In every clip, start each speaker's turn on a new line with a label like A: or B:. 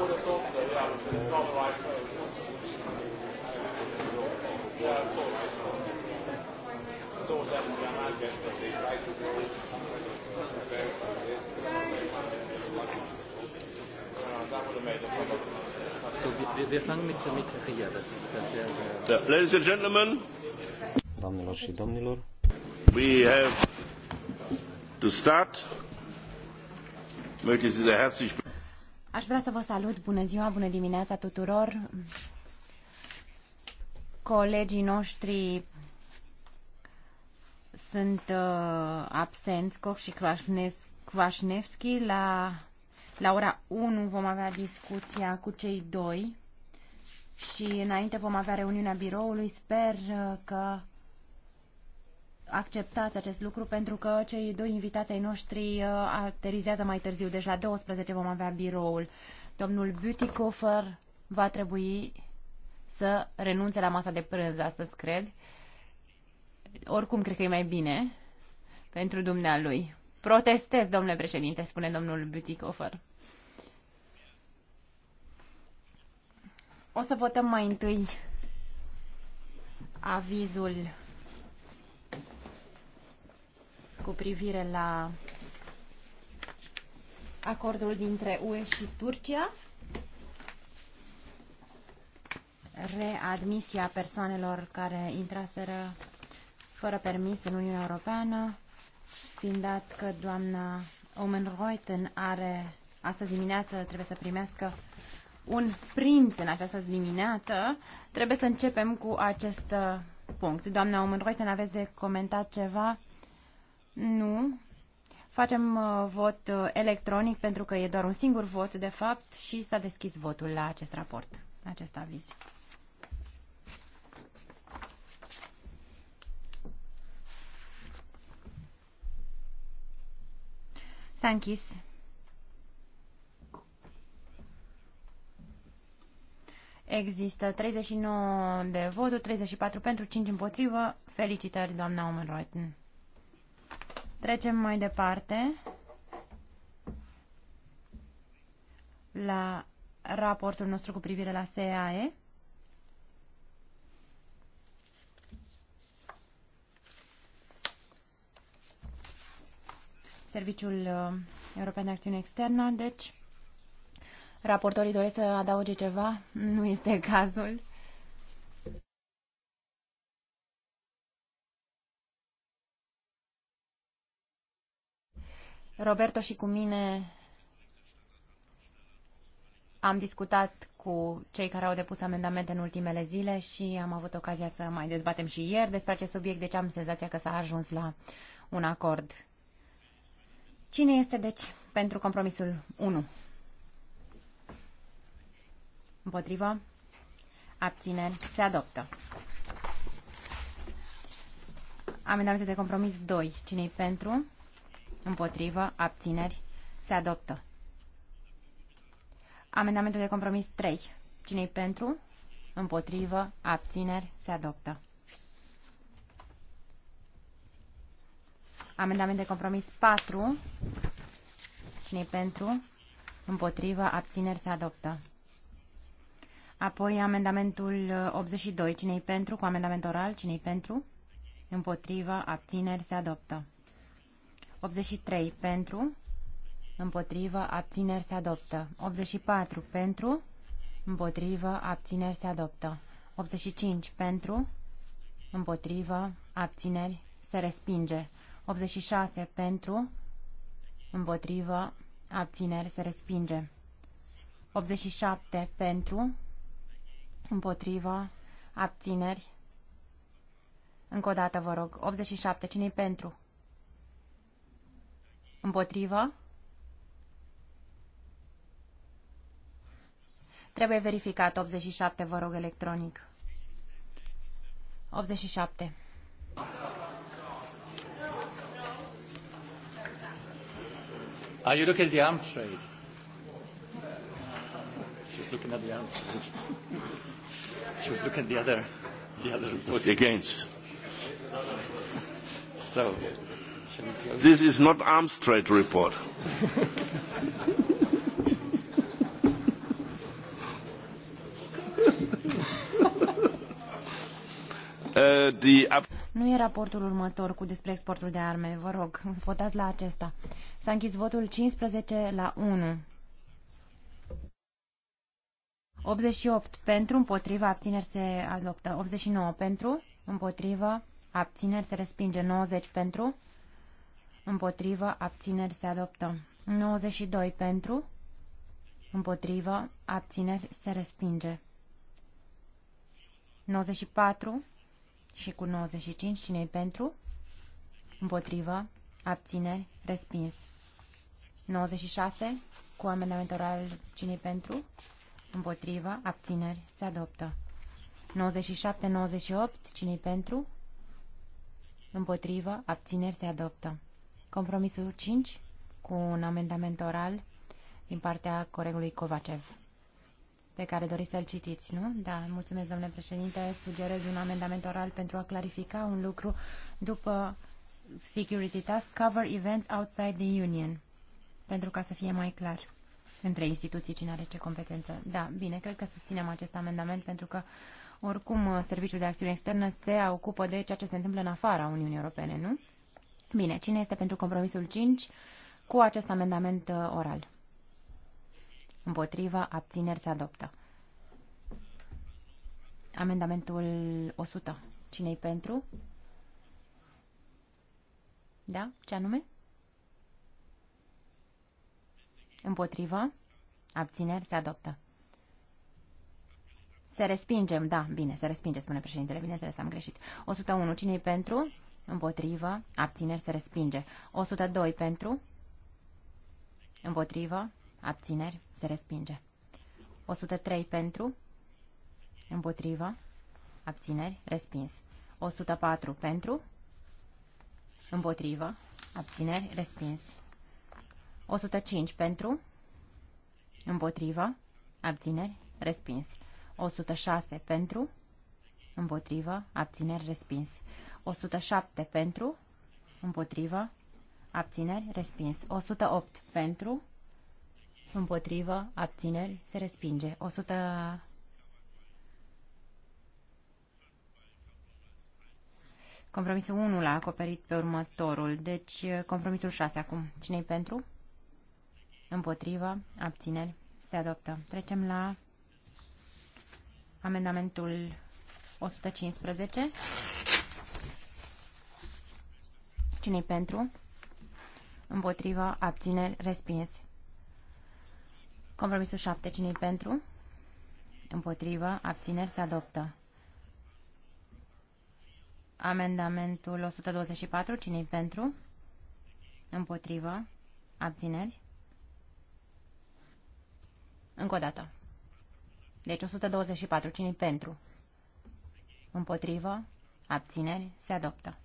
A: would have thought so, yeah. It's not right.
B: Ladies and Gentlemen,
A: Doamnelor și domnilor,
B: we have to start. Möchte Sie sehr herzlich
C: Aș vrea să vă salut, bună ziua, bună dimineața tuturor. Colegii noștri sunt uh, absenți, Cof și Kvașnevski. La, la ora 1 vom avea discuția cu cei doi și înainte vom avea reuniunea biroului. Sper uh, că acceptați acest lucru pentru că cei doi invitați ai noștri uh, aterizează mai târziu, deci la 12 vom avea biroul. Domnul Butikofer va trebui să renunțe la masa de prânz astăzi, cred. Oricum, cred că e mai bine pentru dumnealui. Protestez, domnule președinte, spune domnul Butikofer. O să votăm mai întâi avizul cu privire la acordul dintre UE și Turcia, readmisia persoanelor care intraseră fără permis în Uniunea Europeană, fiind dat că doamna Omen Reuten are astăzi dimineață, trebuie să primească un prinț în această dimineață, trebuie să începem cu acest uh, punct. Doamna Omen Reuten, aveți de comentat ceva nu. Facem uh, vot uh, electronic pentru că e doar un singur vot, de fapt, și s-a deschis votul la acest raport, acest aviz. S-a închis. Există 39 de voturi, 34 pentru, 5 împotrivă. Felicitări, doamna Omenroiten. Trecem mai departe la raportul nostru cu privire la SEAE. Serviciul uh, European de Acțiune Externă, deci raportorii doresc să adauge ceva, nu este cazul. Roberto și cu mine am discutat cu cei care au depus amendamente în ultimele zile și am avut ocazia să mai dezbatem și ieri despre acest subiect, deci am senzația că s-a ajuns la un acord. Cine este, deci, pentru compromisul 1? Împotrivă? Abțineri? Se adoptă. Amendamente de compromis 2. Cine-i pentru? Împotrivă. Abțineri. Se adoptă. Amendamentul de compromis 3. cine pentru? Împotrivă. Abțineri. Se adoptă. Amendament de compromis 4. cine pentru? Împotrivă. Abțineri. Se adoptă. Apoi amendamentul 82. cine pentru? Cu amendament oral. cine pentru? Împotrivă. Abțineri. Se adoptă. 83 pentru, împotrivă, abțineri se adoptă. 84 pentru, împotrivă, abțineri se adoptă. 85 pentru, împotrivă, abțineri se respinge. 86 pentru, împotrivă, abțineri se respinge. 87 pentru, împotrivă, abțineri. Încă o dată vă rog, 87, cine pentru? Împotrivă. Trebuie verificat 87, vă rog, electronic. 87.
B: Are you looking at the arms trade? She's looking at the arms trade. She was looking at the other, the other report. against. so, This is not arms trade report. Uh,
C: nu e raportul următor cu despre exportul de arme. Vă rog, votați la acesta. S-a închis votul 15 la 1. 88 pentru, împotriva, abțineri se adoptă. 89 pentru, împotriva, abțineri se respinge. 90 pentru, Împotrivă, abțineri se adoptă. 92 pentru. Împotrivă, abțineri se respinge. 94 și cu 95 cine pentru? Împotrivă, abțineri, respins. 96 cu amendament oral cine pentru? Împotrivă, abțineri, se adoptă. 97-98 cine pentru? Împotrivă, abțineri, se adoptă. Compromisul 5 cu un amendament oral din partea coregului Kovacev pe care doriți să-l citiți, nu? Da, mulțumesc, domnule președinte. Sugerez un amendament oral pentru a clarifica un lucru după Security Task Cover Events Outside the Union, pentru ca să fie mai clar între instituții cine are ce competență. Da, bine, cred că susținem acest amendament pentru că oricum Serviciul de Acțiune Externă se ocupă de ceea ce se întâmplă în afara Uniunii Europene, nu? Bine, cine este pentru compromisul 5 cu acest amendament uh, oral? Împotriva, abțineri se adoptă. Amendamentul 100. Cine-i pentru? Da? Ce anume? Împotriva, Abțineri se adoptă. Se respingem, da, bine, se respinge, spune președintele, bineînțeles, am greșit. 101. Cine-i pentru? Împotrivă. Abțineri se respinge. 102 pentru. Împotrivă. Abțineri se respinge. 103 pentru. Împotrivă. Abțineri. Respins. 104 pentru. Împotrivă. Abțineri. Respins. 105 pentru. Împotrivă. Abțineri. Respins. 106 pentru. Împotrivă. Abțineri. Respins. 107 pentru, împotrivă, abțineri, respins. 108 pentru, împotrivă, abțineri, se respinge. 100... Compromisul 1 l-a acoperit pe următorul, deci compromisul 6 acum. Cine-i pentru? Împotrivă, abțineri, se adoptă. Trecem la amendamentul 115 cine pentru? Împotrivă, abțineri, respins. Compromisul 7. cine pentru? Împotrivă, abțineri, se adoptă. Amendamentul 124. cine pentru? Împotrivă, abțineri. Încă o dată. Deci 124. cine pentru? Împotrivă, abțineri, se adoptă.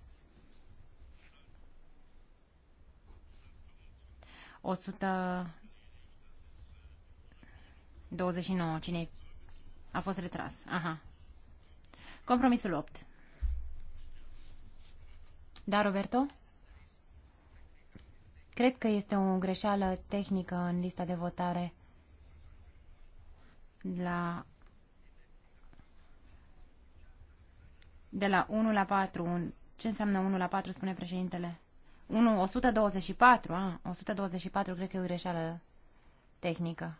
C: 129. Cine a fost retras? Aha. Compromisul 8. Da, Roberto? Cred că este o greșeală tehnică în lista de votare la de la 1 la 4. Ce înseamnă 1 la 4, spune președintele? 1, 124, a, 124 cred că e o greșeală tehnică.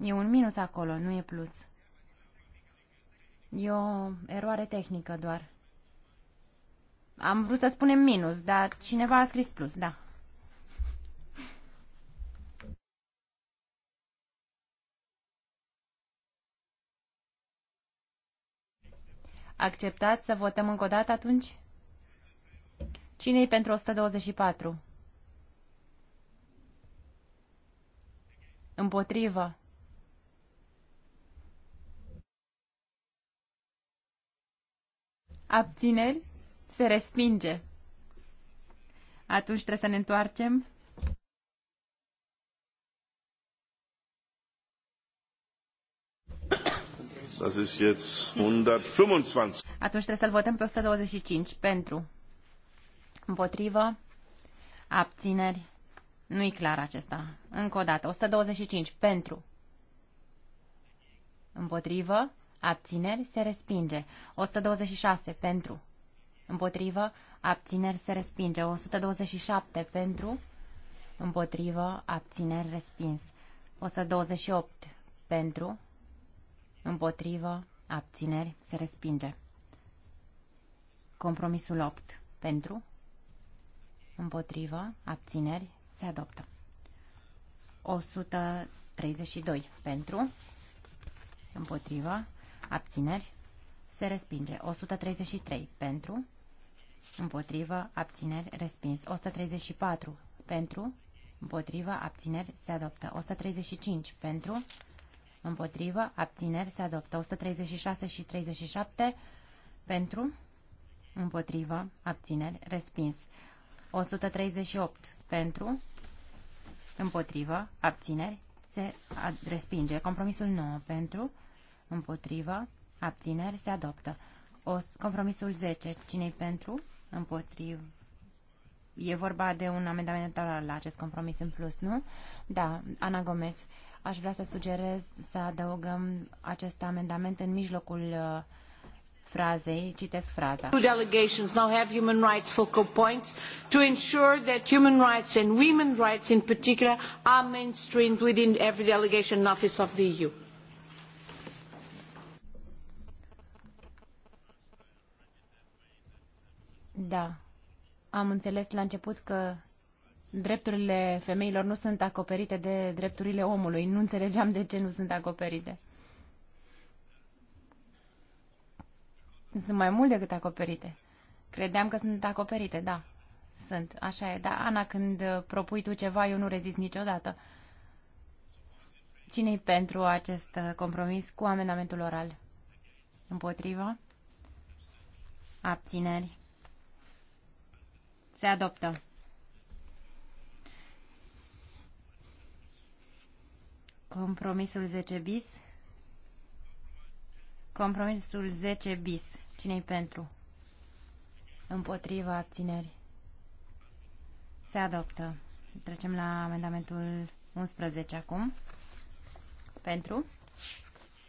C: E un minus acolo, nu e plus. E o eroare tehnică doar. Am vrut să spunem minus, dar cineva a scris plus, da. Acceptați să votăm încă o dată atunci? cine e pentru 124? Împotrivă. Abțineri? Se respinge. Atunci trebuie să ne întoarcem
B: Das ist jetzt 125.
C: Atunci trebuie să-l votăm pe 125 pentru. Împotrivă. Abțineri. Nu-i clar acesta. Încă o dată. 125 pentru. Împotrivă. Abțineri se respinge. 126 pentru. Împotrivă. Abțineri se respinge. 127 pentru. Împotrivă. Abțineri respins. 128 pentru împotrivă, abțineri, se respinge. Compromisul 8 pentru, împotrivă, abțineri, se adoptă. 132 pentru, împotrivă, abțineri, se respinge. 133 pentru, împotrivă, abțineri, respins. 134 pentru, împotrivă, abțineri, se adoptă. 135 pentru, Împotrivă. Abțineri se adoptă. 136 și 37 pentru. Împotrivă. Abțineri. Respins. 138 pentru. Împotrivă. Abțineri. Se respinge. Compromisul 9 pentru. Împotrivă. Abțineri. Se adoptă. O, compromisul 10. Cine-i pentru? Împotrivă. E vorba de un amendament la acest compromis în plus, nu? Da, Ana Gomez. Aș vrea să sugerez să adăugăm acest amendament în mijlocul uh, frazei, citesc fraza. Two
A: delegations now have human rights focal points to ensure that human rights and women's
C: rights in particular are mainstreamed within every delegation and office of the EU. Da. Am înțeles la început că drepturile femeilor nu sunt acoperite de drepturile omului. Nu înțelegeam de ce nu sunt acoperite. Sunt mai mult decât acoperite. Credeam că sunt acoperite, da. Sunt, așa e. Da, Ana, când propui tu ceva, eu nu rezist niciodată. cine e pentru acest compromis cu amendamentul oral? Împotriva? Abțineri? Se adoptă. Compromisul 10 bis. Compromisul 10 bis. Cine-i pentru? Împotriva abțineri. Se adoptă. Trecem la amendamentul 11 acum. Pentru.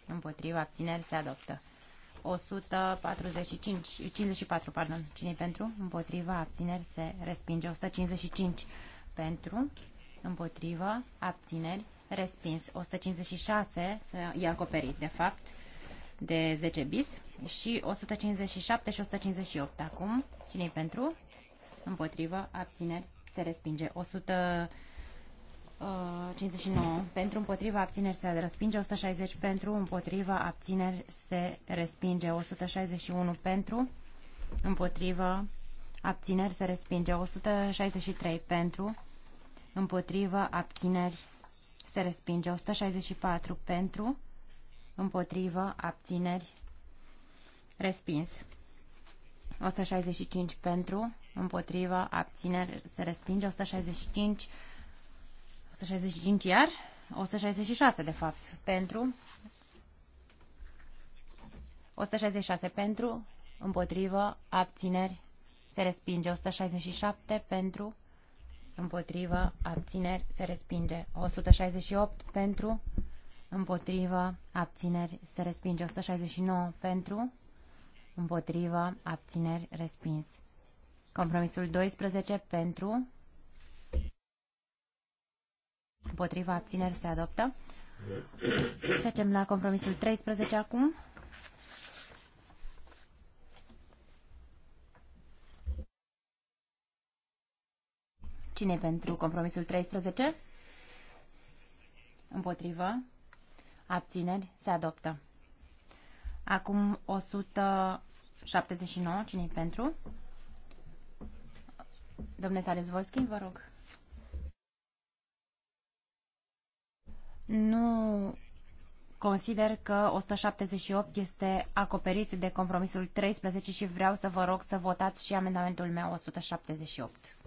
C: Împotriva abțineri se adoptă. 145, 54, pardon. cine pentru? Împotriva, abțineri, se respinge. 155 pentru, împotriva, abțineri, respins. 156 e acoperit, de fapt, de 10 bis și 157 și 158 acum. Cine-i pentru? Împotrivă, abțineri, se respinge. 159 pentru, împotriva, abțineri, se respinge. 160 pentru, împotriva, abțineri, se respinge. 161 pentru, împotrivă, abțineri, se respinge. 163 pentru, împotrivă, abțineri, se respinge. 164 pentru, împotrivă, abțineri, respins. 165 pentru, împotrivă, abțineri, se respinge. 165, 165 iar, 166 de fapt, pentru, 166 pentru, împotrivă, abțineri, se respinge. 167 pentru, împotrivă, abțineri, se respinge. 168 pentru, împotrivă, abțineri, se respinge. 169 pentru, împotrivă, abțineri, respins. Compromisul 12 pentru, împotrivă, abțineri, se adoptă. Trecem la compromisul 13 acum. cine pentru compromisul 13? Împotrivă. Abțineri. Se adoptă. Acum 179. cine pentru? Domnule Sarius Volski, vă rog. Nu consider că 178 este acoperit de compromisul 13 și vreau să vă rog să votați și amendamentul meu 178.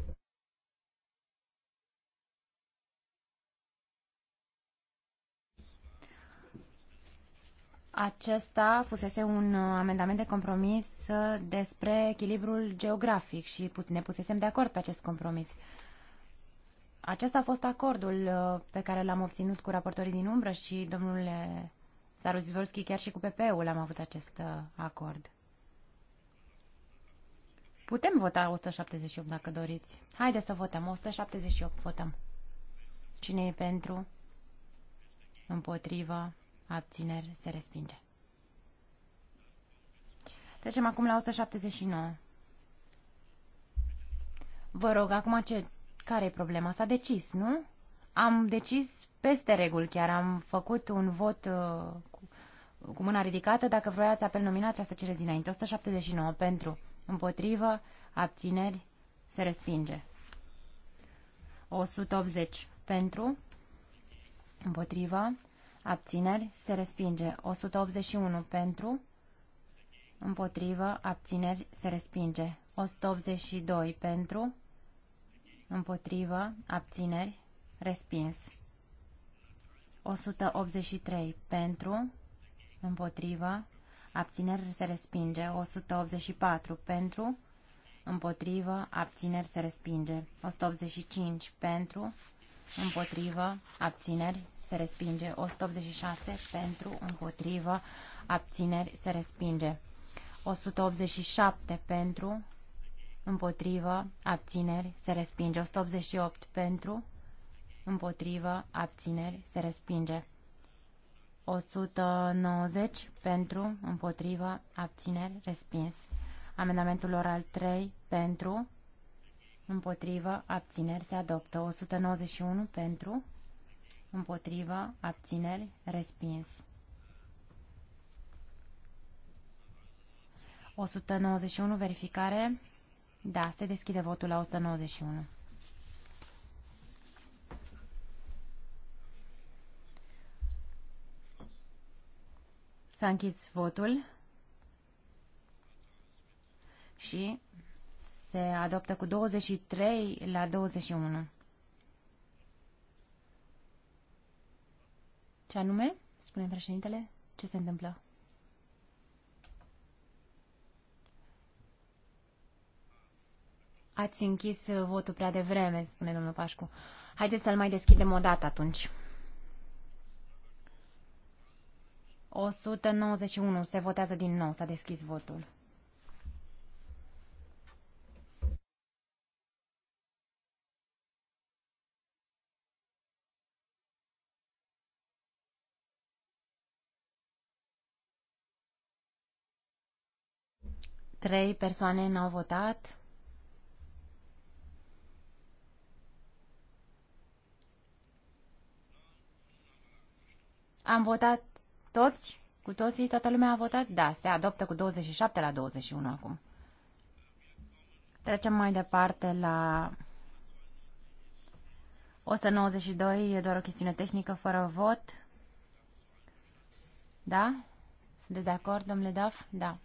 C: Acesta fusese un uh, amendament de compromis uh, despre echilibrul geografic și ne pusesem de acord pe acest compromis. Acesta a fost acordul uh, pe care l-am obținut cu raportorii din umbră și domnule Saruzivorski, chiar și cu PP-ul am avut acest acord. Putem vota 178 dacă doriți. Haideți să votăm. 178 votăm. Cine e pentru? Împotrivă? abțineri, se respinge. Trecem acum la 179. Vă rog, acum ce, care e problema? S-a decis, nu? Am decis peste reguli chiar. Am făcut un vot uh, cu, cu mâna ridicată. Dacă vroiați apel nominat, trebuie să cereți dinainte. 179 pentru, împotrivă, abțineri, se respinge. 180 pentru, împotrivă, abțineri, se respinge. 181 pentru, împotrivă, abțineri, se respinge. 182 pentru, împotrivă, abțineri, respins. 183 pentru, împotrivă, abțineri se respinge. 184 pentru, împotrivă, abțineri se respinge. 185 pentru, împotrivă, abțineri se respinge. 186 pentru, împotrivă, abțineri, se respinge. 187 pentru, împotrivă, abțineri, se respinge. 188 pentru, împotrivă, abțineri, se respinge. 190 pentru, împotrivă, abțineri, respins. Amendamentul oral 3 pentru, împotrivă, abțineri, se adoptă. 191 pentru, împotrivă, abțineri, respins. 191, verificare. Da, se deschide votul la 191. S-a închis votul și se adoptă cu 23 la 21. Ce anume? Spune președintele. Ce se întâmplă? Ați închis uh, votul prea devreme, spune domnul Pașcu. Haideți să-l mai deschidem o dată atunci. 191. Se votează din nou. S-a deschis votul. Trei persoane n-au votat. Am votat toți? Cu toții? Toată lumea a votat? Da, se adoptă cu 27 la 21 acum. Trecem mai departe la 192, e doar o chestiune tehnică fără vot. Da? Sunteți de acord, domnule Daf? Da.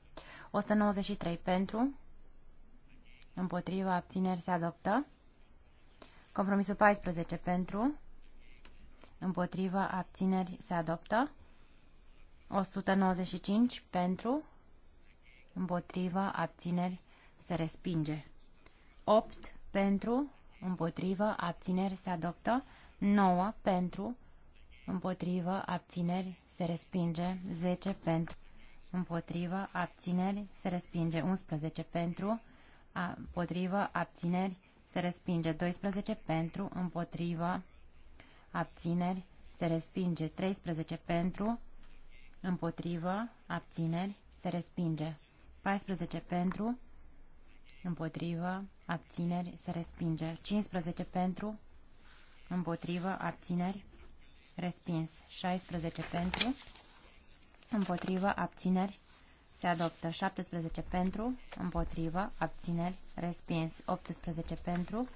C: 193 pentru, împotriva abțineri se adoptă. Compromisul 14 pentru, împotriva abțineri se adoptă. 195 pentru, împotriva abțineri se respinge. 8 pentru, împotrivă, abțineri se adoptă, 9 pentru, împotrivă, abțineri se respinge, 10 pentru, împotrivă, abțineri, se respinge 11 pentru, împotrivă, abțineri, se respinge 12 pentru, împotrivă, abțineri, se respinge 13 pentru, împotrivă, abțineri, se respinge 14 pentru, împotrivă, abțineri, se respinge 15 pentru, împotrivă, abțineri, respins 16 pentru, împotrivă, abțineri, se adoptă 17 pentru, împotrivă, abțineri, respins 18 pentru,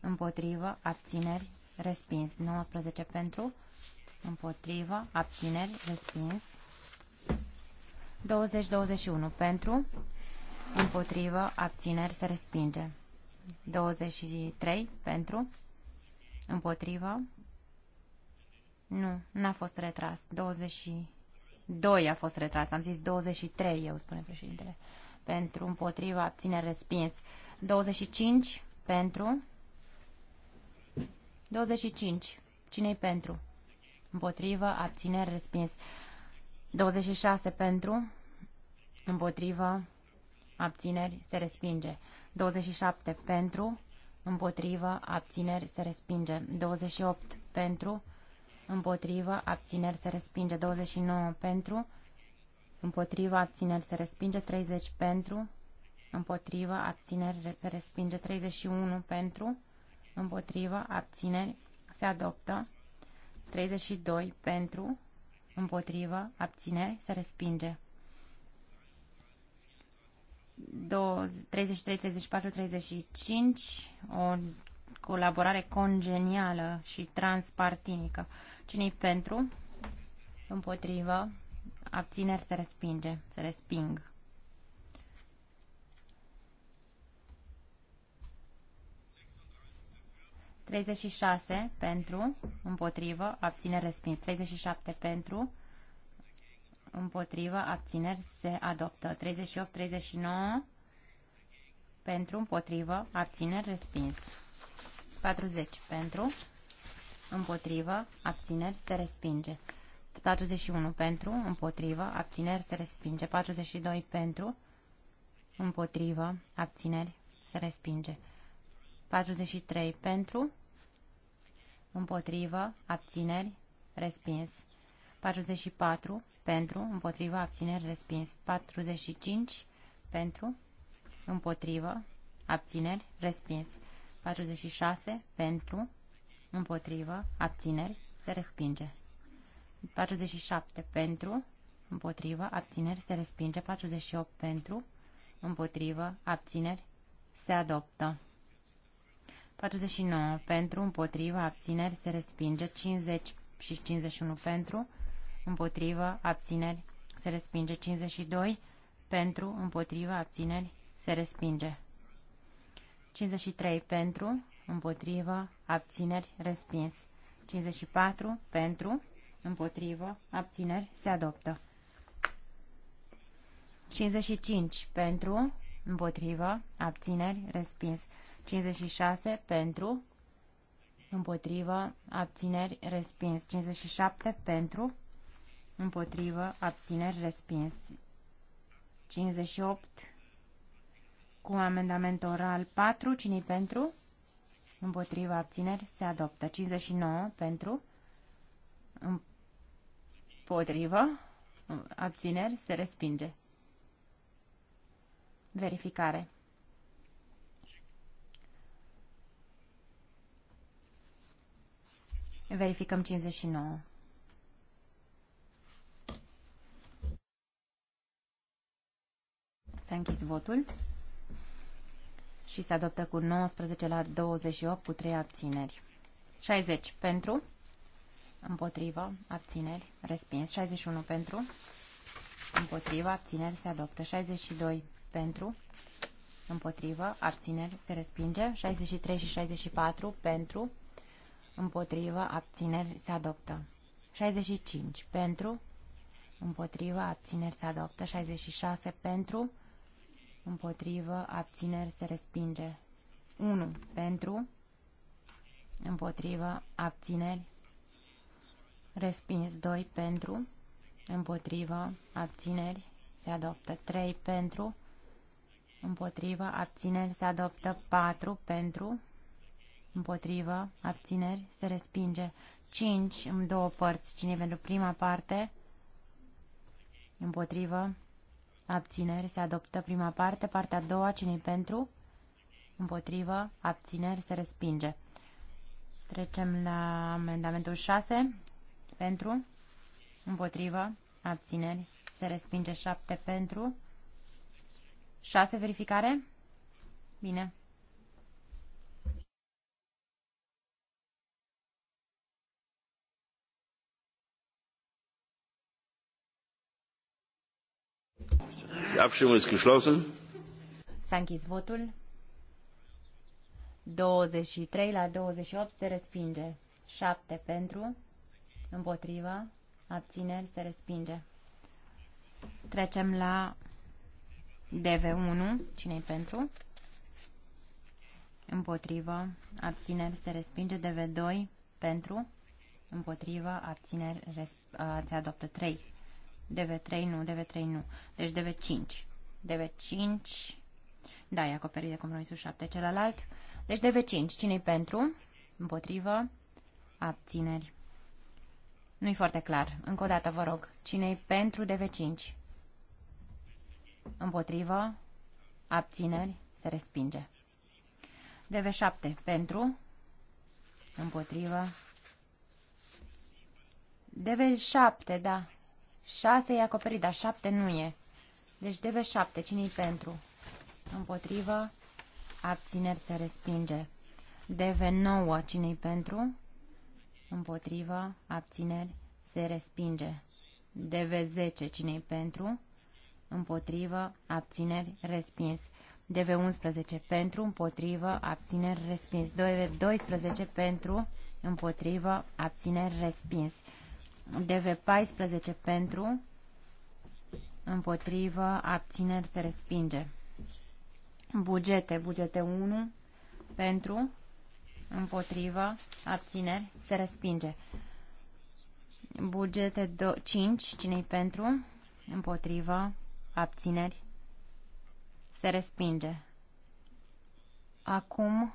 C: împotrivă, abțineri, respins 19 pentru, împotrivă, abțineri, respins 20-21 pentru, împotrivă, abțineri, se respinge 23 pentru, împotrivă, nu, n-a fost retras 23 2 a fost retras, am zis 23 eu, spune președintele. Pentru, împotriva, abține, respins. 25 pentru. 25. Cine-i pentru? Împotrivă, abține, respins. 26 pentru, împotrivă, abțineri, se respinge. 27 pentru, împotrivă, abțineri, se respinge. 28 pentru, împotrivă, abțineri se respinge. 29 pentru, împotrivă, abțineri se respinge. 30 pentru, împotrivă, abțineri se respinge. 31 pentru, împotrivă, abțineri se adoptă. 32 pentru, împotrivă, abțineri se respinge. 33, 34, 35, o colaborare congenială și transpartinică. Cine-i pentru? Împotrivă. Abțineri se respinge. Se resping. Treizeci și șase pentru, împotrivă, abțineri respins. Treizeci și șapte pentru, împotrivă, abțineri se adoptă. Treizeci și opt, treizeci și nouă pentru, împotrivă, abțineri respins. 40 pentru, împotrivă, abțineri, se respinge. 41 pentru, împotrivă, abțineri, se respinge. 42 pentru, împotrivă, abțineri, se respinge. 43 pentru, împotrivă, abțineri, respins. 44 pentru, împotrivă, abțineri, respins. 45 pentru, împotrivă, abțineri, respins. 46 pentru, împotrivă, abțineri, se respinge. 47 pentru, împotrivă, abțineri, se respinge. 48 pentru, împotrivă, abțineri, se adoptă. 49 pentru, împotrivă, abțineri, se respinge. 50 și 51 pentru, împotrivă, abțineri, se respinge. 52 pentru, împotrivă, abțineri, se respinge. 53 pentru, împotrivă, abțineri, respins. 54 pentru, împotrivă, abțineri, se adoptă. 55 pentru, împotrivă, abțineri, respins. 56 pentru, împotrivă, abțineri, respins. 57 pentru, împotrivă, abțineri, respins. 58 cu amendament oral 4, cine pentru? împotriva abțineri se adoptă. 59 pentru, împotriva abțineri se respinge. Verificare. Verificăm 59. S-a închis votul și se adoptă cu 19 la 28 cu 3 abțineri. 60 pentru, împotrivă, abțineri, respins. 61 pentru, împotrivă, abțineri, se adoptă. 62 pentru, împotrivă, abțineri, se respinge. 63 și 64 pentru, împotrivă, abțineri, se adoptă. 65 pentru, împotrivă, abțineri, se adoptă. 66 pentru, împotrivă, abțineri, se respinge. 1 pentru, împotrivă, abțineri, respins. 2 pentru, împotrivă, abțineri, se adoptă. 3 pentru, împotrivă, abțineri, se adoptă. 4 pentru, împotrivă, abțineri, se respinge. 5 în două părți, cine pentru prima parte, împotrivă, abțineri, se adoptă prima parte, partea a doua, cine pentru, împotrivă, abțineri, se respinge. Trecem la amendamentul 6, pentru, împotrivă, abțineri, se respinge 7 pentru, 6 verificare, bine.
B: Die Abstimmung ist geschlossen.
C: S-a închis votul. 23 la 28 se respinge. 7 pentru, împotrivă, abțineri se respinge. Trecem la DV1. Cine-i pentru? Împotrivă, abțineri se respinge. DV2 pentru, împotrivă, abțineri se adoptă 3 DV3 nu, DV3 nu. Deci DV5. DV5. Da, e acoperit de compromisul 7 celălalt. Deci DV5. Cine-i pentru? Împotrivă? Abțineri. Nu-i foarte clar. Încă o dată, vă rog. Cine-i pentru DV5? Împotrivă? Abțineri? Se respinge. DV7. Pentru? Împotrivă? DV7, da. 6 e acoperit, dar 7 nu e. Deci DV7, cine-i pentru? Împotrivă, abțineri se respinge. DV9, cine-i pentru? Împotrivă, abțineri se respinge. DV10, cine-i pentru? Împotrivă, abțineri, respins. DV11, pentru, împotrivă, abțineri, respins. DV12, pentru, împotrivă, abțineri, respins. DV14 pentru, împotrivă, abțineri se respinge. Bugete, bugete 1 pentru, împotrivă, abțineri se respinge. Bugete 5, cine pentru, împotrivă, abțineri se respinge. Acum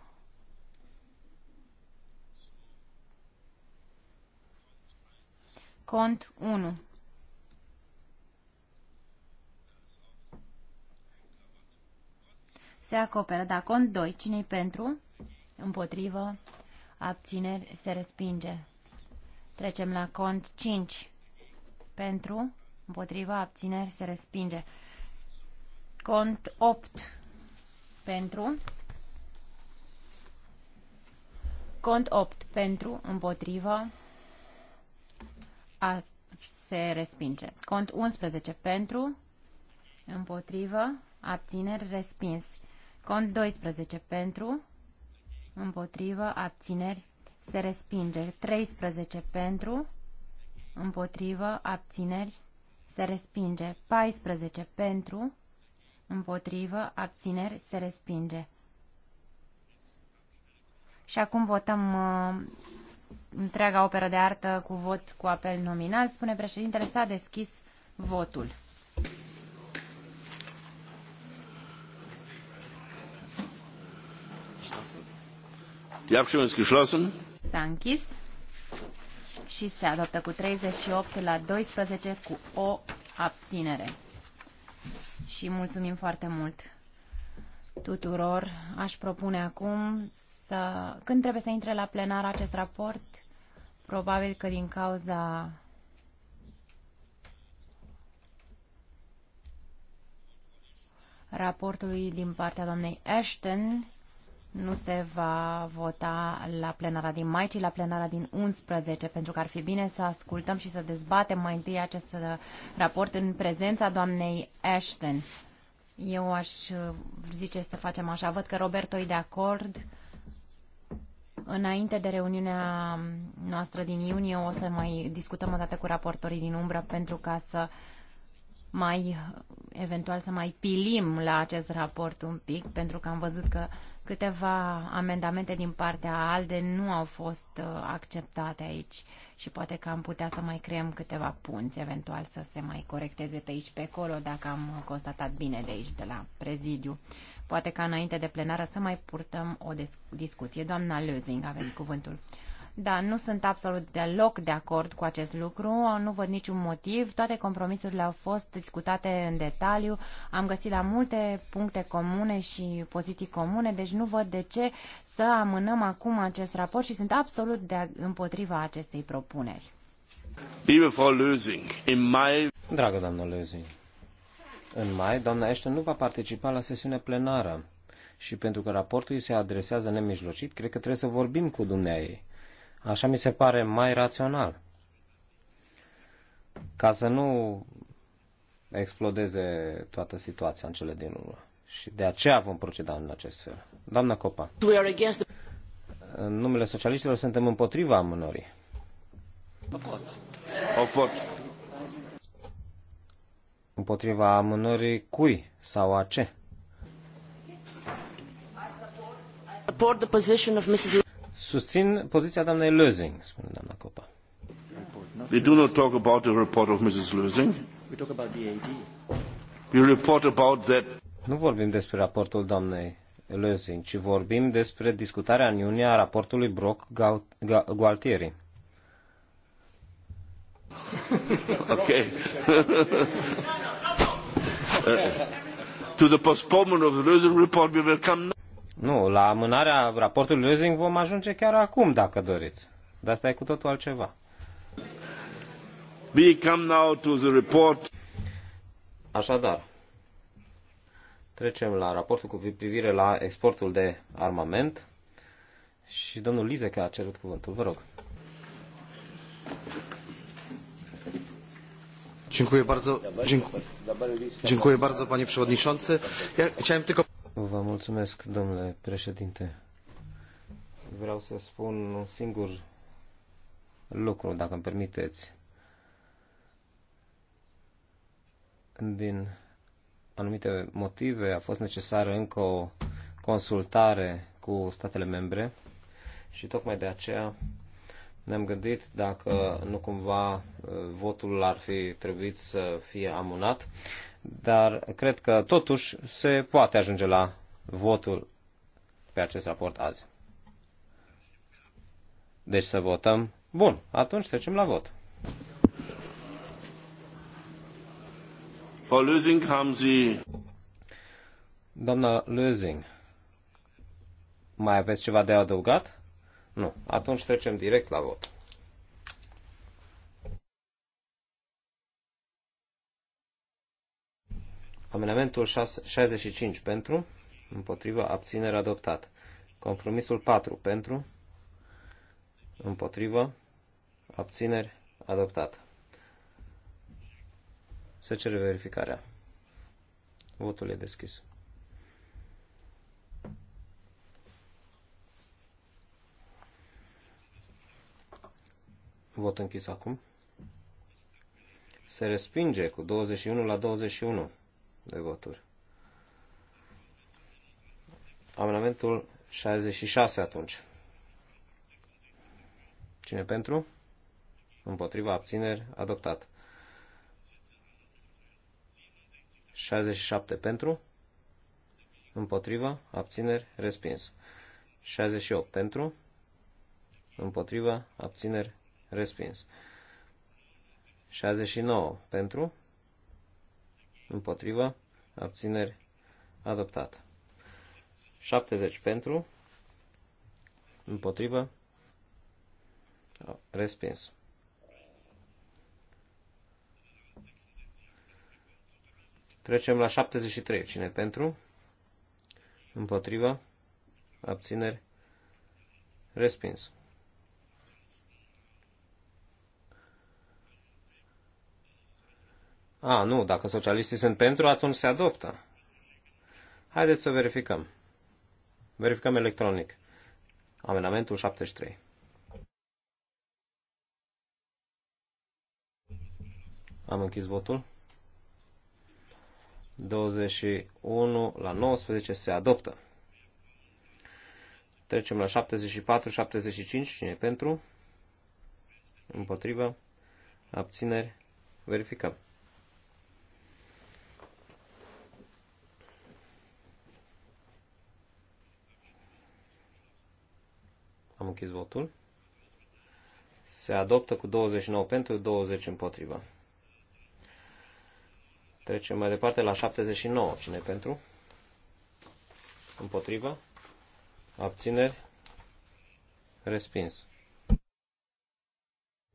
C: Cont 1. Se acoperă, da, cont 2. cine pentru? Împotrivă. Abțineri se respinge. Trecem la cont 5. Pentru, împotrivă, abțineri se respinge. Cont 8. Pentru. Cont 8. Pentru, împotrivă, a, se respinge. Cont 11 pentru, împotrivă, abțineri, respins. Cont 12 pentru, împotrivă, abțineri, se respinge. 13 pentru, împotrivă, abțineri, se respinge. 14 pentru, împotrivă, abțineri, se respinge. Și acum votăm uh, întreaga operă de artă cu vot cu apel nominal. Spune președintele, s-a deschis votul. S-a închis și se adoptă cu 38 la 12 cu o abținere. Și mulțumim foarte mult tuturor. Aș propune acum să, când trebuie să intre la plenar acest raport, probabil că din cauza raportului din partea doamnei Ashton nu se va vota la plenara din mai, ci la plenara din 11, pentru că ar fi bine să ascultăm și să dezbatem mai întâi acest raport în prezența doamnei Ashton. Eu aș zice să facem așa. Văd că Roberto e de acord. Înainte de reuniunea noastră din iunie o să mai discutăm o dată cu raportorii din umbră pentru ca să mai, eventual să mai pilim la acest raport un pic, pentru că am văzut că câteva amendamente din partea ALDE nu au fost uh, acceptate aici și poate că am putea să mai creăm câteva punți, eventual să se mai corecteze pe aici, pe acolo, dacă am constatat bine de aici, de la prezidiu. Poate că înainte de plenară să mai purtăm o discuție. Doamna Lözing, aveți cuvântul. Da, nu sunt absolut deloc de acord cu acest lucru, nu văd niciun motiv. Toate compromisurile au fost discutate în detaliu, am găsit la multe puncte comune și poziții comune, deci nu văd de ce să amânăm acum acest raport și sunt absolut de împotriva acestei propuneri.
B: Lösing, mai... Dragă
A: doamnă Lösing, în mai doamna Ashton nu va participa la sesiune plenară și pentru că raportul îi se adresează nemijlocit, cred că trebuie să vorbim cu dumneai Așa mi se pare mai rațional. Ca să nu explodeze toată situația în cele din urmă. Și de aceea vom proceda în acest fel. Doamna Copa, în numele socialiștilor suntem împotriva amânării. Of vot. Împotriva amânării cui sau a ce? Support the position of Mrs. Susțin poziția doamnei Lösing, spune doamna Copa. We do not talk about the report of Mrs. Lösing. We
C: talk about the AD.
B: We report about that.
A: Nu vorbim despre raportul doamnei Lösing, ci vorbim despre discutarea în iunie a raportului Brock Gualtieri.
B: ok. Uh, to the postponement of the Lösing report we will
A: come now. Nu, la amânarea raportului Lozing vom ajunge chiar acum, dacă doriți. Dar asta e cu totul altceva.
B: We come now to the report.
A: Așadar, trecem la raportul cu privire la exportul de armament și domnul Lizec a cerut cuvântul. Vă rog. Dziękuję bardzo, dziękuję, dziękuję bardzo panie przewodniczący. Ja chciałem tylko Vă mulțumesc, domnule președinte. Vreau să spun un singur lucru, dacă îmi permiteți. Din anumite motive a fost necesară încă o consultare cu statele membre și tocmai de aceea ne-am gândit dacă nu cumva uh, votul ar fi trebuit să fie amunat dar cred că totuși se poate ajunge la votul pe acest raport azi. Deci să votăm. Bun, atunci trecem la vot. Frau
B: Lösing, haben Sie...
A: Doamna Lösing, mai aveți ceva de adăugat? Nu. Atunci trecem direct la vot. Amendamentul 65 pentru, împotriva, abținere adoptat. Compromisul 4 pentru, împotriva, abțineri adoptat. Se cere verificarea. Votul e deschis. Vot închis acum. Se respinge cu 21 la 21 de voturi. Amendamentul 66 atunci. Cine pentru? Împotriva abțineri, adoptat. 67 pentru, împotriva, abțineri, respins. 68 pentru, împotriva, abțineri, respins. 69 pentru, împotrivă, abțineri, adoptat. 70 pentru, împotrivă, respins. Trecem la 73. Cine pentru? Împotrivă, abțineri, respins. A, nu, dacă socialiștii sunt pentru, atunci se adoptă. Haideți să verificăm. Verificăm electronic. Amenamentul 73. Am închis votul. 21 la 19 se adoptă. Trecem la 74, 75. Cine e pentru? Împotrivă? Abțineri? Verificăm. Am închis votul. Se adoptă cu 29 pentru, 20 împotrivă. Trecem mai departe la 79. Cine pentru? Împotrivă. Abțineri? Respins.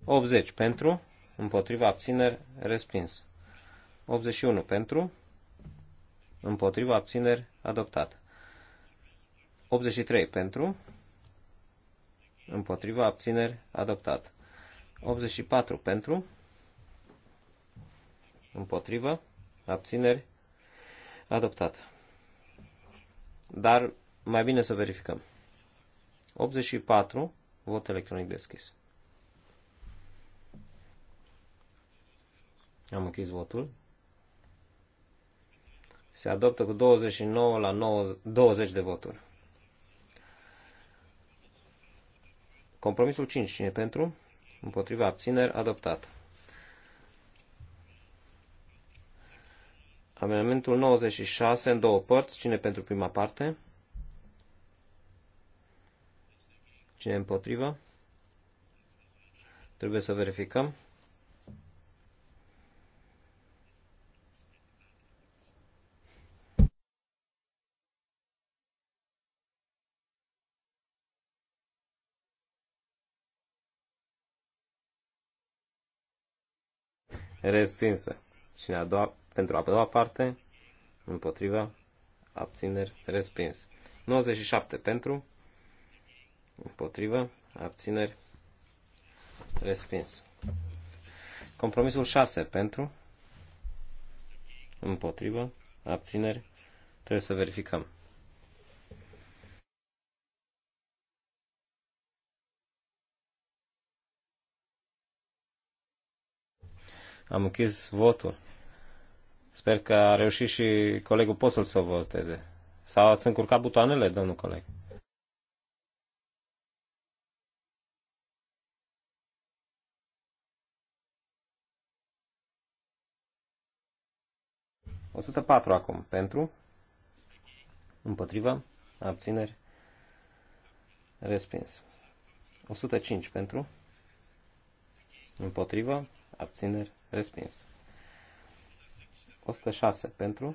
A: 80 pentru, împotrivă, abțineri, respins. 81 pentru, împotrivă, abțineri, adoptat. 83 pentru, împotriva, abțineri, adoptat. 84 pentru, împotriva, abțineri, adoptat. Dar mai bine să verificăm. 84, vot electronic deschis. Am închis votul. Se adoptă cu 29 la 9, 20 de voturi. Compromisul 5. Cine pentru? Împotriva abțineri adoptat. Amendamentul 96 în două părți. Cine pentru prima parte? Cine împotriva? Trebuie să verificăm. respinsă. Și a doua, pentru a doua parte, împotriva, abțineri, respins. 97 pentru, împotriva, abțineri, respins. Compromisul 6 pentru, împotriva, abțineri, trebuie să verificăm. Am închis votul. Sper că a reușit și colegul Postul să voteze. Sau ați încurcat butoanele, domnul coleg? O 104 acum. Pentru? Împotrivă? Abțineri? Respins. 105 pentru? Împotrivă? Abțineri? Respins. 106 pentru.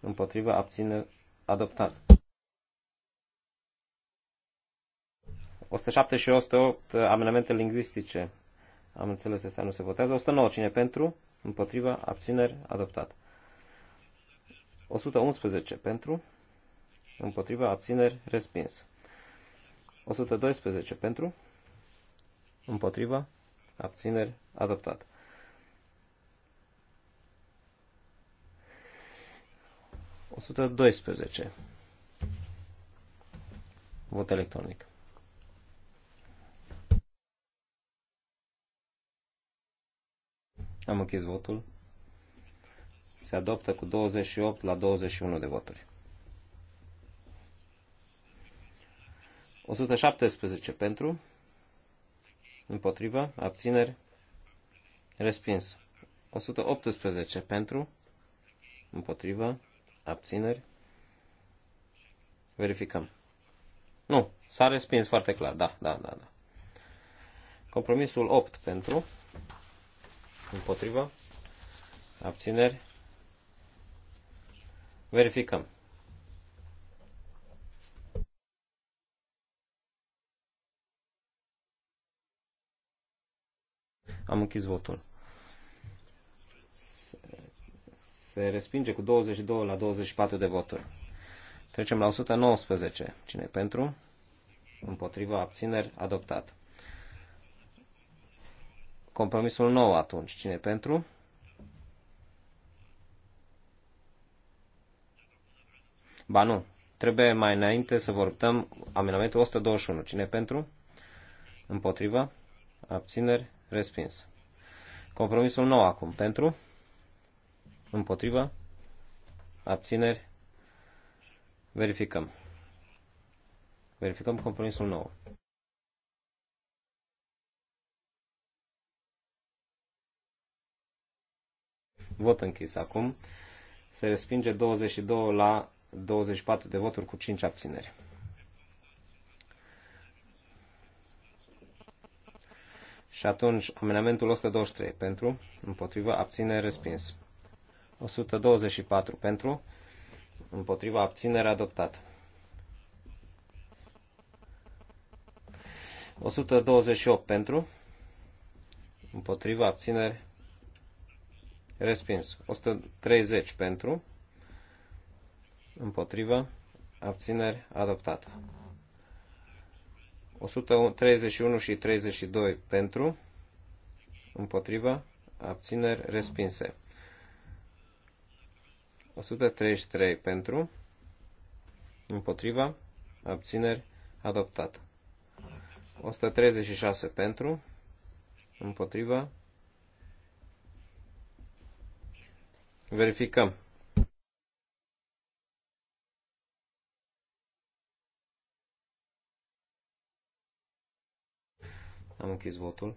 A: Împotriva abține adoptat. 107 și 108 uh, amenamente lingvistice. Am înțeles, asta nu se votează. 109 cine pentru? Împotriva abțineri adoptat. 111 pentru. Împotriva abțineri respins. 112 pentru. Împotriva abțineri adoptat. 112. Vot electronic. Am închis votul. Se adoptă cu 28 la 21 de voturi. 117 pentru, împotriva, abțineri, respins. 118 pentru, împotriva, Abțineri. Verificăm. Nu, s-a respins foarte clar. Da, da, da, da. Compromisul 8 pentru. Împotriva. Abțineri. Verificăm. Am închis votul. se respinge cu 22 la 24 de voturi. Trecem la 119. Cine pentru? Împotriva abțineri, adoptat. Compromisul nou atunci. Cine pentru? Ba nu. Trebuie mai înainte să votăm amendamentul 121. Cine pentru? Împotriva? Abțineri? Respins. Compromisul nou acum. Pentru? Împotrivă? Abțineri? Verificăm. Verificăm compromisul nou. Vot închis acum. Se respinge 22 la 24 de voturi cu 5 abțineri. Și atunci, amenamentul 123 pentru, împotrivă, abține, respins. 124 pentru, împotriva abținere adoptată. 128 pentru, împotriva abținere respins. 130 pentru, împotriva abțineri adoptată. 131 și 32 pentru, împotriva abțineri respinse. 133 pentru, împotriva, abțineri, adoptat. 136 pentru, împotriva. Verificăm. Am închis votul.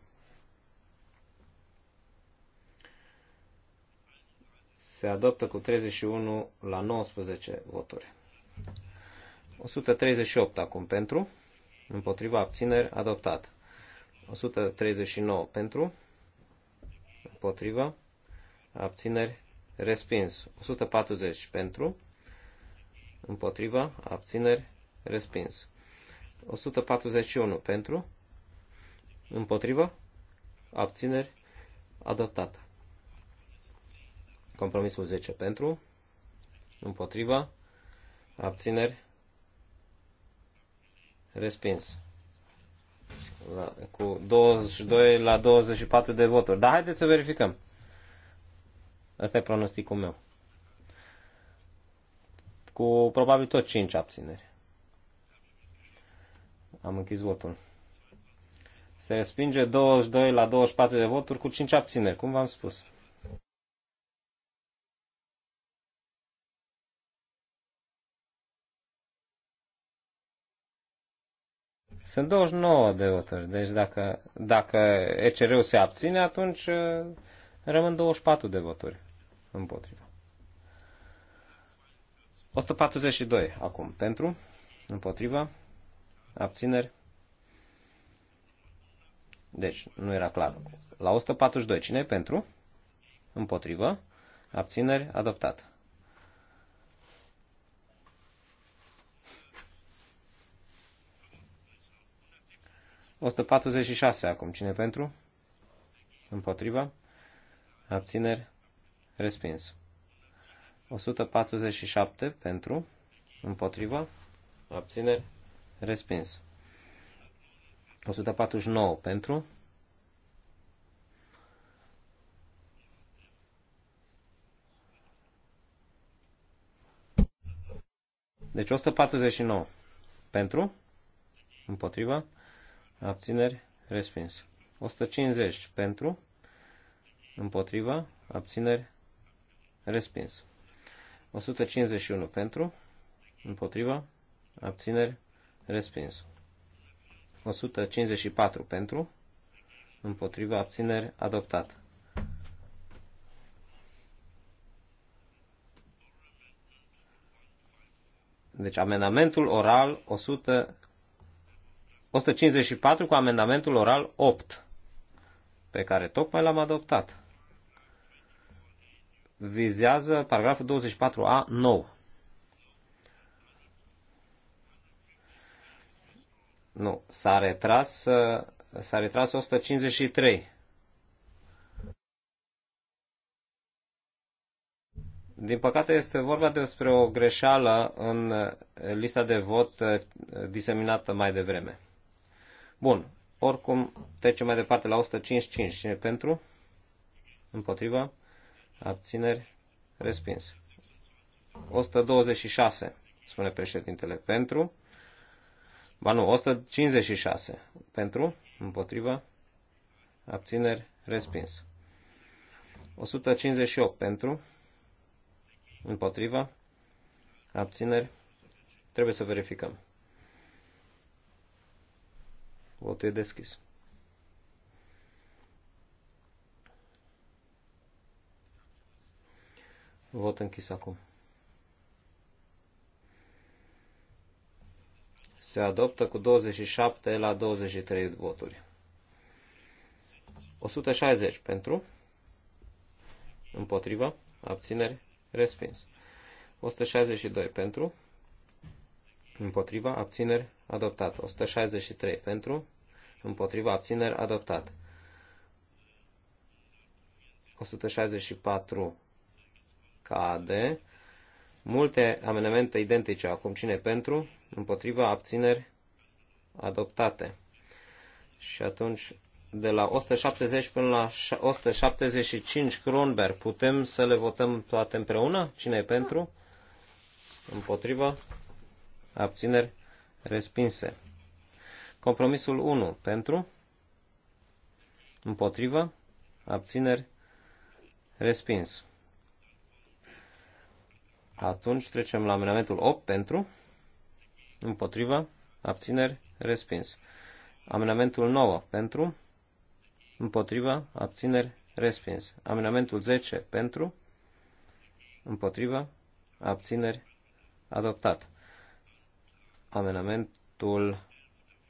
A: se adoptă cu 31 la 19 voturi. 138 acum pentru, împotriva abțineri, adoptat. 139 pentru, împotriva, abțineri, respins. 140 pentru, împotriva, abțineri, respins. 141 pentru, împotriva, abțineri, adoptată. Compromisul 10 pentru, împotriva, abțineri, respins. La, cu 22 la 24 de voturi. Dar haideți să verificăm. Asta e pronosticul meu. Cu probabil tot 5 abțineri. Am închis votul. Se respinge 22 la 24 de voturi cu 5 abțineri, cum v-am spus. Sunt 29 de votări, deci dacă, dacă ECR-ul se abține, atunci uh, rămân 24 de voturi împotriva. 142 acum pentru, împotriva, abțineri. Deci, nu era clar. La 142, cine pentru? Împotrivă. Abțineri, adoptată. 146 acum. Cine pentru? Împotriva. Abțineri. Respins. 147 pentru. Împotriva. Abțineri. Respins. 149 pentru. Deci 149 pentru, împotriva, abțineri, respins. 150 pentru, împotriva, abțineri, respins. 151 pentru, împotriva, abțineri, respins. 154 pentru, împotriva, abțineri, adoptat. Deci amenamentul oral 100 154 cu amendamentul oral 8, pe care tocmai l-am adoptat. Vizează paragraful 24a 9. Nu, s-a retras, uh, s-a retras 153. Din păcate este vorba despre o greșeală în uh, lista de vot uh, diseminată mai devreme. Bun. Oricum, trecem mai departe la 155. Cine pentru? Împotriva? Abțineri? Respins. 126, spune președintele. Pentru? Ba nu, 156. Pentru? Împotriva? Abțineri? Respins. 158 pentru, împotriva, abțineri, trebuie să verificăm. Votul e deschis. Vot închis acum. Se adoptă cu 27 la 23 voturi. 160 pentru, împotriva, abțineri, respins. 162 pentru, împotriva, abțineri, adoptat. 163 pentru, împotriva abțineri adoptat. 164 cade. Multe amendamente identice acum cine pentru, împotriva abțineri adoptate. Și atunci de la 170 până la 175 Kronberg, putem să le votăm toate împreună? Cine e pentru? Împotriva? Abțineri respinse. Compromisul 1 pentru, împotrivă, abțineri, respins. Atunci trecem la amendamentul 8 pentru, împotrivă, abțineri, respins. Amendamentul 9 pentru, împotrivă, abțineri, respins. Amendamentul 10 pentru, împotrivă, abțineri, adoptat. Amendamentul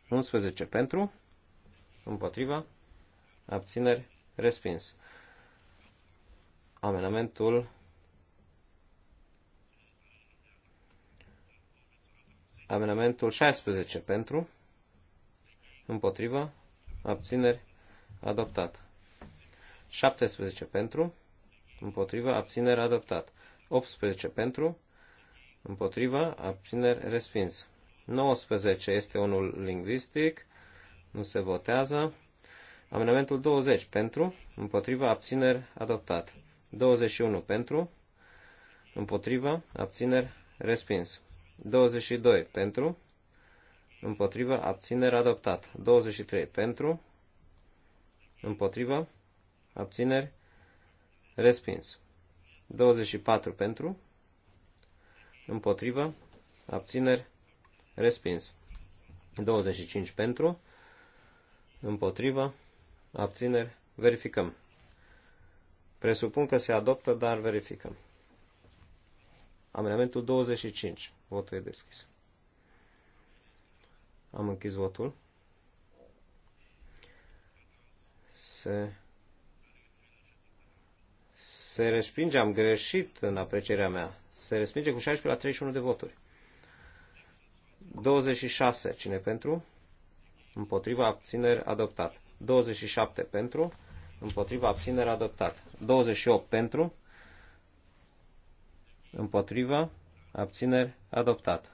A: 11 pentru, împotriva, abțineri, respins. Amenamentul Amenamentul 16 pentru, împotriva, abțineri, adoptat. 17 pentru, împotriva, abțineri, adoptat. 18 pentru, împotriva, abțineri, respins. 19 este unul lingvistic, nu se votează. Amendamentul 20 pentru, împotriva, abțineri, adoptat. 21 pentru, împotriva, abțineri, respins. 22 pentru, împotriva, abțineri, adoptat. 23 pentru, împotriva, abțineri, respins. 24 pentru, împotriva, abțineri, Respins. 25 pentru. Împotriva. Abțineri. Verificăm. Presupun că se adoptă, dar verificăm. Amendamentul 25. Votul e deschis. Am închis votul. Se, se respinge, am greșit în aprecierea mea. Se respinge cu 16 la 31 de voturi. 26. Cine pentru? Împotriva abțineri adoptat. 27 pentru. Împotriva abțineri adoptat. 28 pentru. Împotriva abțineri adoptat.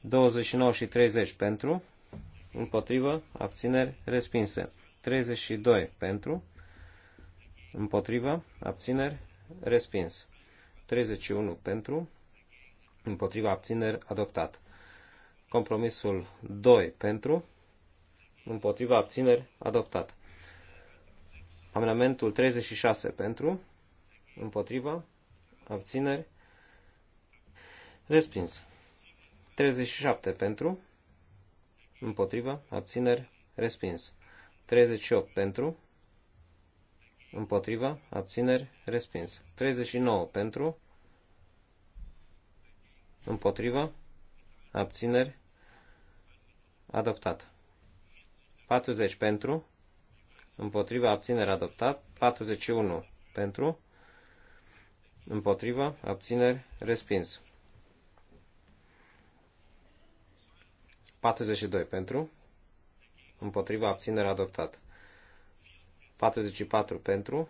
A: 29 și 30 pentru. Împotriva abțineri respinse. 32 pentru. Împotriva abțineri respins. 31 pentru. Împotriva abțineri adoptat. Compromisul 2 pentru, împotriva abțineri, adoptat. Amendamentul 36 pentru, împotriva, abțineri, respins. 37 pentru, împotriva, abțineri, respins. 38 pentru, împotriva, abțineri, respins. 39 pentru, împotriva, abțineri, adoptat. 40 pentru, împotriva abțineri adoptat, 41 pentru, împotriva abțineri respins. 42 pentru, împotriva abțineri adoptat. 44 pentru,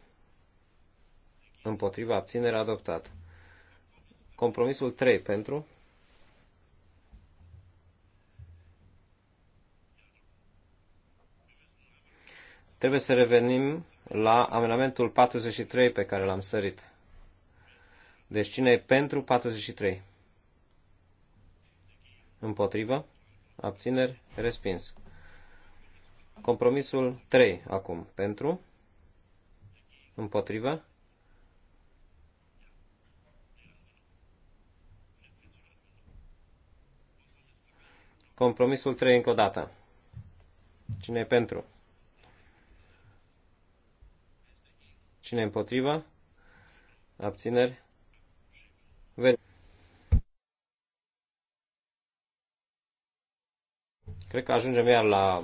A: împotriva abțineri adoptat. Compromisul 3 pentru, Trebuie să revenim la amendamentul 43 pe care l-am sărit. Deci cine e pentru 43? Împotrivă? Abțineri? Respins. Compromisul 3 acum. Pentru? Împotrivă? Compromisul 3 încă o dată. Cine e pentru? Cine împotriva? Abțineri? Ver- Cred că ajungem iar la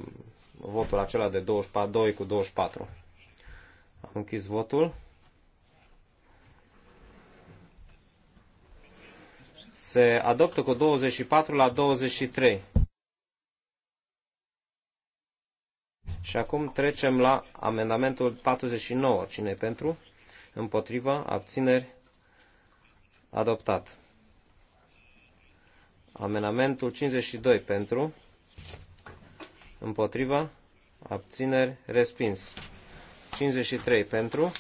A: votul acela de 24, 2 cu 24. Am închis votul. Se adoptă cu 24 la 23. Și acum trecem la amendamentul 49. Cine e pentru? Împotriva? Abțineri? Adoptat. Amendamentul 52 pentru, împotriva, abțineri, respins. 53 pentru,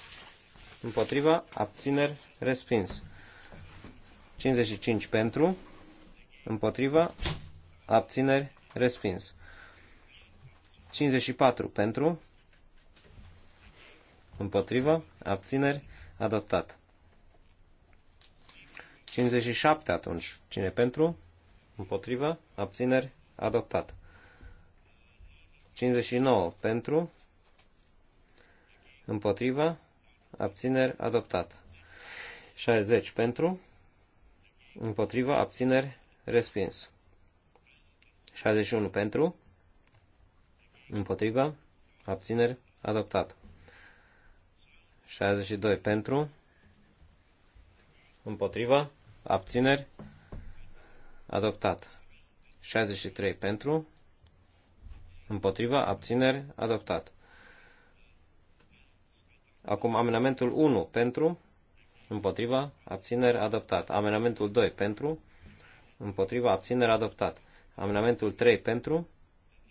A: împotriva, abțineri, respins. 55 pentru, împotriva, abțineri, respins. 54 pentru, împotrivă, abțineri, adoptat. 57 atunci, cine pentru, împotrivă, abțineri, adoptat. 59 pentru, împotrivă, abțineri, adoptat. 60 pentru, împotrivă, abțineri, respins. 61 pentru, Împotriva. Abțineri. Adoptat. 62 pentru. Împotriva. Abțineri. Adoptat. 63 pentru. Împotriva. Abțineri. Adoptat. Acum amenamentul 1 pentru. Împotriva. Abțineri. Adoptat. Amenamentul 2 pentru. Împotriva. Abțineri. Adoptat. Amenamentul 3 pentru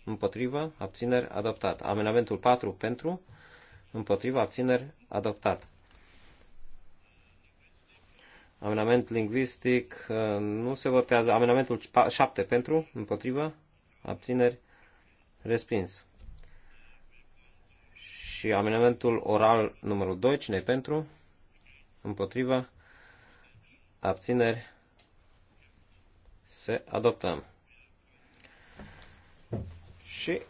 A: împotrivă, abțineri, adoptat. Amenamentul 4 pentru, împotrivă, abțineri, adoptat. Amenament lingvistic uh, nu se votează. Amenamentul 7 pentru, împotrivă, abțineri, respins. Și amenamentul oral numărul 2, cine pentru, împotrivă, abțineri, se adoptăm. Și,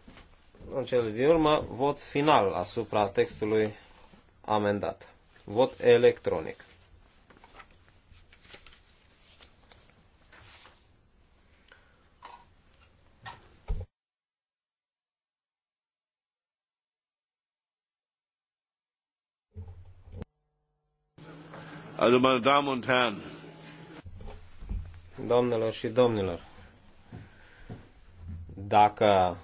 A: în cele din urmă, vot final asupra textului amendat. Vot electronic. Domnilor și domnilor, dacă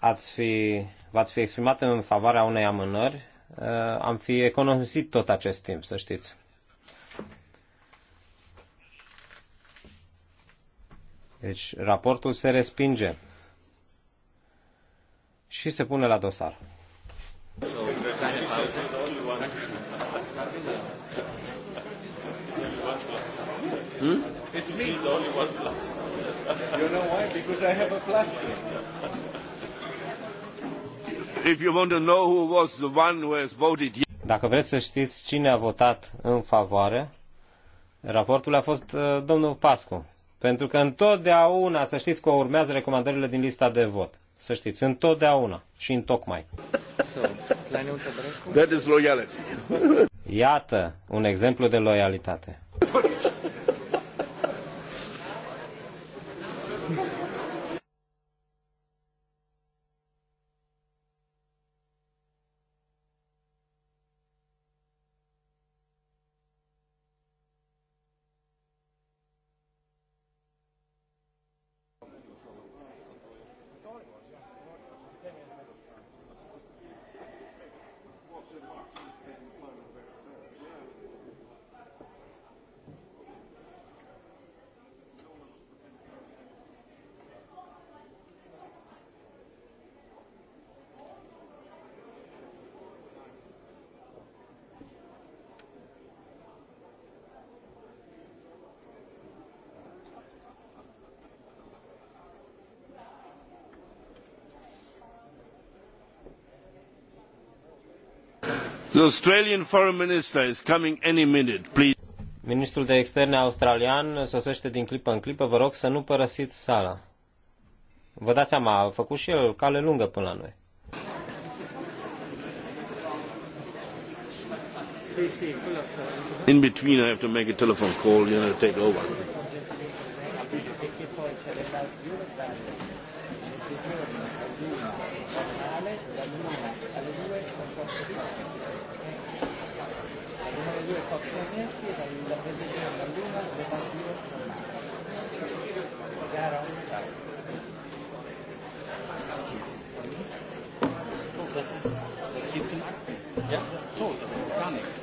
A: ați fi, v-ați fi exprimat în favoarea unei amânări, uh, am fi economisit tot acest timp, să știți. Deci raportul se respinge și se pune la dosar.
C: Hmm? It's me. It's only one plus. you know why? Because I have a plus here.
A: Dacă vreți să știți cine a votat în favoare, raportul a fost uh, domnul Pascu. Pentru că întotdeauna, să știți că urmează recomandările din lista de vot. Să știți, întotdeauna și în tocmai.
B: That is loyalty.
A: Iată un exemplu de loialitate. Păi, Ministrul de externe australian sosește din clipă în clipă. Vă rog să nu părăsiți sala. Vă dați seama, a făcut și el cale lungă până la noi.
B: In between I have to make a telephone call, you know, take over.
A: Thank you due compromessi e dalla previsione dall'una del partito formale.
B: Chiaro? Das ist, das geht zum Akten. Ja? Tot, gar nichts.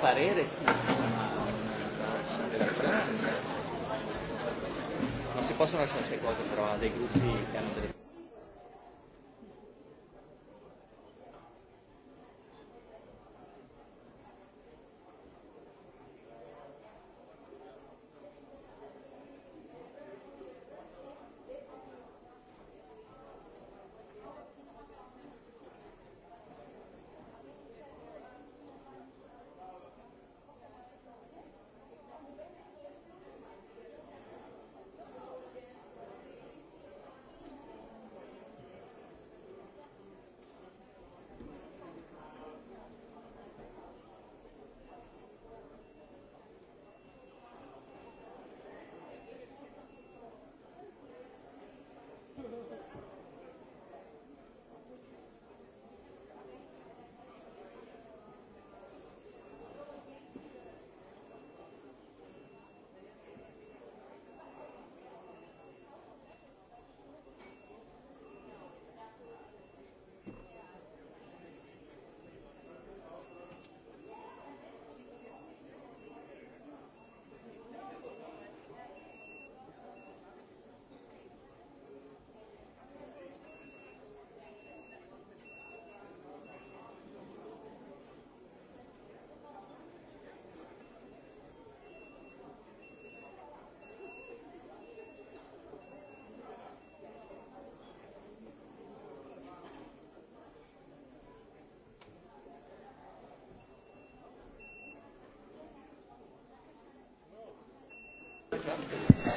A: parere sì. Non si possono lasciare queste cose però a dei gruppi che hanno delle